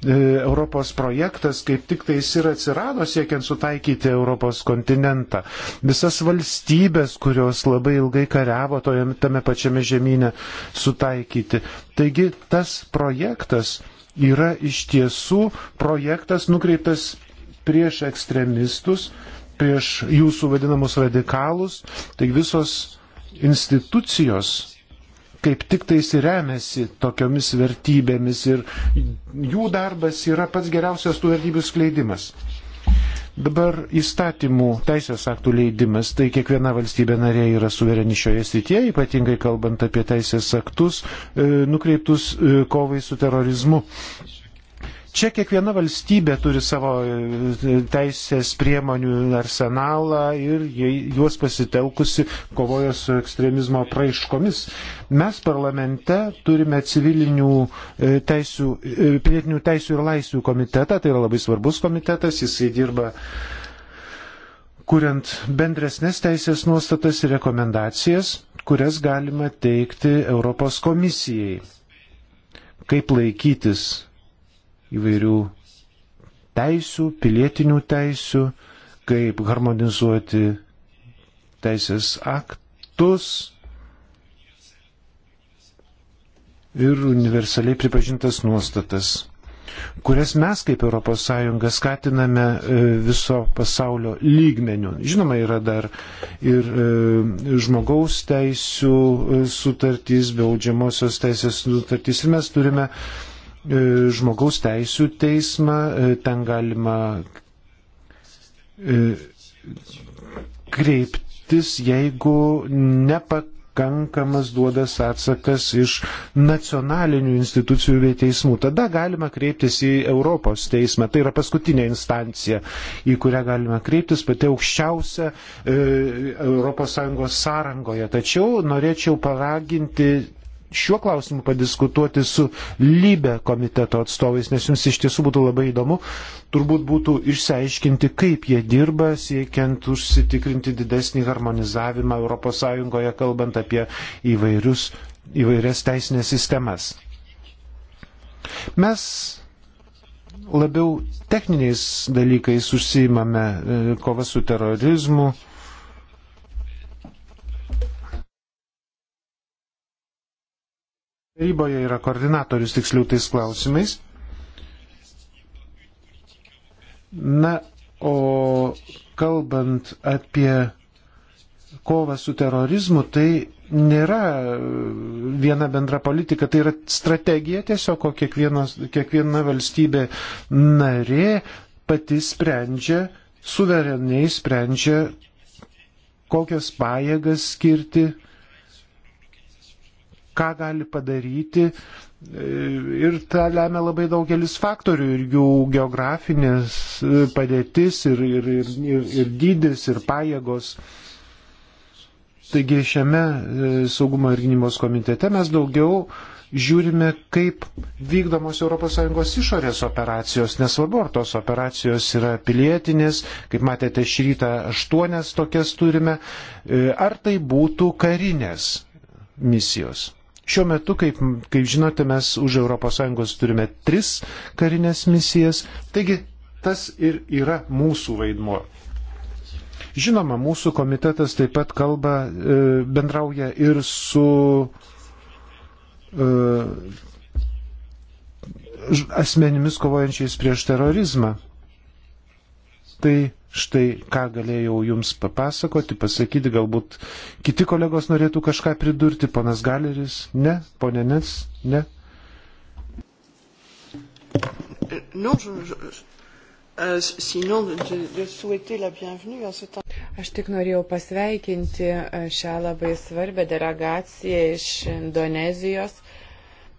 e, Europos projektas kaip tik tais ir atsirado siekiant sutaikyti Europos kontinentą. Visas valstybės, kurios labai ilgai kariavo toje, tame pačiame žemynė, sutaikyti. Taigi tas projektas yra iš tiesų projektas nukreiptas prieš ekstremistus, prieš jūsų vadinamus radikalus, tai visos institucijos kaip tik tai remiasi tokiomis vertybėmis ir jų darbas yra pats geriausias tų vertybių skleidimas. Dabar įstatymų teisės aktų leidimas, tai kiekviena valstybė narė yra suvereni šioje srityje, ypatingai kalbant apie teisės aktus e, nukreiptus e, kovai su terorizmu. Čia kiekviena valstybė turi savo e, teisės priemonių arsenalą ir juos pasitelkusi kovoja su ekstremizmo praiškomis. Mes parlamente turime civilinių e, teisų, e, pilietinių teisų ir laisvių komitetą, tai yra labai svarbus komitetas, jisai dirba kuriant bendresnės teisės nuostatas ir rekomendacijas, kurias galima teikti Europos komisijai. Kaip laikytis įvairių teisių, pilietinių teisių, kaip harmonizuoti teisės aktus ir universaliai pripažintas nuostatas, kurias mes kaip ES skatiname e, viso pasaulio lygmenių. Žinoma, yra dar ir e, žmogaus teisų e, sutartys, baudžiamosios teisės sutartys ir mes turime uh, E, žmogaus teisų teismą, e, ten galima e, kreiptis, jeigu nepakankamas duodas atsakas iš nacionalinių institucijų bei teismų. Tada galima kreiptis į Europos teismą. Tai yra paskutinė instancija, į kurią galima kreiptis, pati aukščiausia e, ES sąrangoje. Tačiau norėčiau paraginti šiuo klausimu padiskutuoti su lybe komiteto atstovais, nes jums iš tiesų būtų labai įdomu, turbūt būtų išsiaiškinti, kaip jie dirba, siekiant užsitikrinti didesnį harmonizavimą ES, kalbant apie įvairius, įvairias teisinės sistemas. Mes labiau techniniais dalykais užsiimame e, kova su terorizmu, Taryboje yra koordinatorius tiksliau tais klausimais. Na, o kalbant apie kovą su terorizmu, tai nėra viena bendra politika, tai yra strategija tiesiog, ko kiekviena valstybė narė pati sprendžia, suvereniai sprendžia, kokias pajėgas skirti ką gali padaryti. Ir tą lemia labai daugelis faktorių ir jų geografinės padėtis ir, ir, ir, ir, ir dydis ir pajėgos. Taigi šiame e, saugumo ir gynybos komitete mes daugiau žiūrime, kaip vykdomos ES išorės operacijos, nesvarbu, ar tos operacijos yra pilietinės, kaip matėte šį rytą aštuonias tokias turime, e, ar tai būtų karinės misijos. Šiuo metu, kaip, kaip žinote, mes už ES turime tris karinės misijas, taigi tas ir yra mūsų vaidmuo. Žinoma, mūsų komitetas taip pat kalba, e, bendrauja ir su e, asmenimis kovojančiais prieš terorizmą. Tai Štai ką galėjau Jums papasakoti, pasakyti, galbūt kiti kolegos norėtų kažką pridurti, ponas Galeris, ne, ponė Nes, ne. Euh, non, je, je, euh, Aš tik norėjau pasveikinti euh, šią labai svarbę delegaciją iš Indonezijos.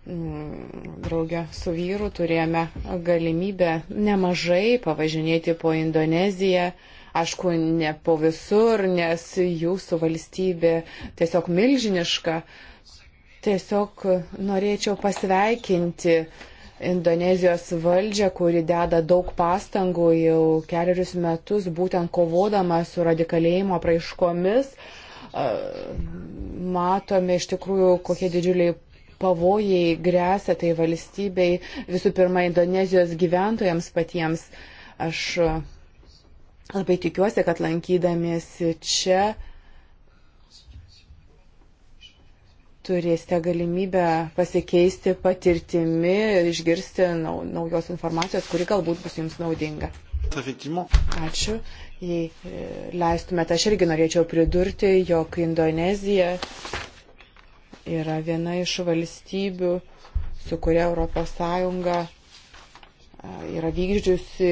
Mm, draugę su vyru turėjome galimybę nemažai pavažinėti po Indoneziją. Aišku, ne po visur, nes jūsų valstybė tiesiog milžiniška. Tiesiog norėčiau pasveikinti Indonezijos valdžią, kuri deda daug pastangų jau keliarius metus, būtent kovodama su radikalėjimo praiškomis. Matome iš tikrųjų, kokie didžiuliai pavojai grėsia tai valstybei, visų pirma, Indonezijos gyventojams patiems. Aš e, labai tikiuosi, kad lankydamiesi čia turėsite galimybę pasikeisti patirtimi, išgirsti naujos informacijos, kuri galbūt bus jums naudinga. Ačiū. Jei e, leistumėte, aš irgi norėčiau pridurti, jog Indonezija yra viena iš valstybių, su kuria ES yra vykdžiusi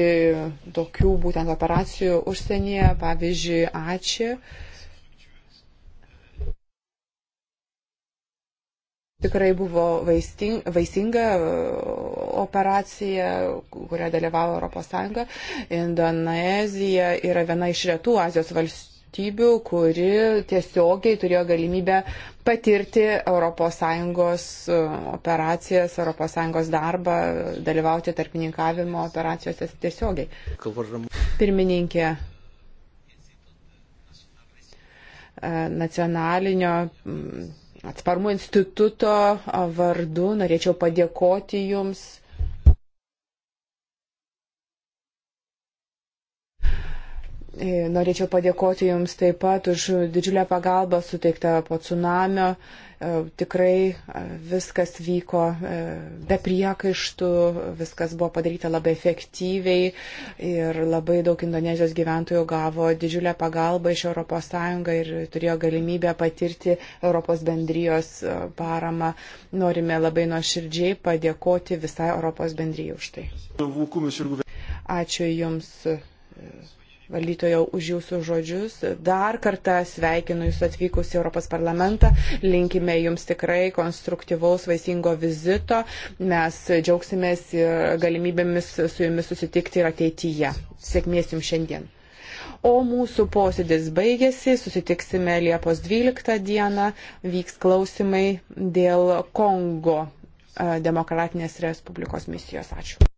tokių būtent operacijų užsienyje, pavyzdžiui, Ačiū. Tikrai buvo vaisting, vaisinga operacija, kurioje dalyvavo ES. Indonezija yra viena iš retų Azijos valstybių valstybių, kuri tiesiogiai turėjo galimybę patirti ES e, operacijas, ES darbą, dalyvauti tarpininkavimo operacijose tiesiogiai. Pirmininkė e, nacionalinio atsparmų instituto vardu norėčiau padėkoti Jums E, norėčiau padėkoti Jums taip pat už didžiulę pagalbą suteiktą po tsunamio. E, tikrai e, viskas vyko be priekaištų, viskas buvo padaryta labai efektyviai ir labai daug Indonezijos gyventojų gavo didžiulę pagalbą iš ES ir turėjo galimybę patirti Europos bendrijos paramą. Norime labai nuoširdžiai padėkoti visai Europos bendrijai už tai. Ačiū Jums Valytojo už jūsų žodžius. Dar kartą sveikinu Jūs atvykus į Europos parlamentą. Linkime Jums tikrai konstruktyvaus, vaisingo vizito. Mes džiaugsimės galimybėmis su Jumis susitikti ir ateityje. Sėkmės Jums šiandien. O mūsų posėdis baigėsi, susitiksime Liepos 12 dieną, vyks klausimai dėl Kongo demokratinės respublikos misijos. Ačiū.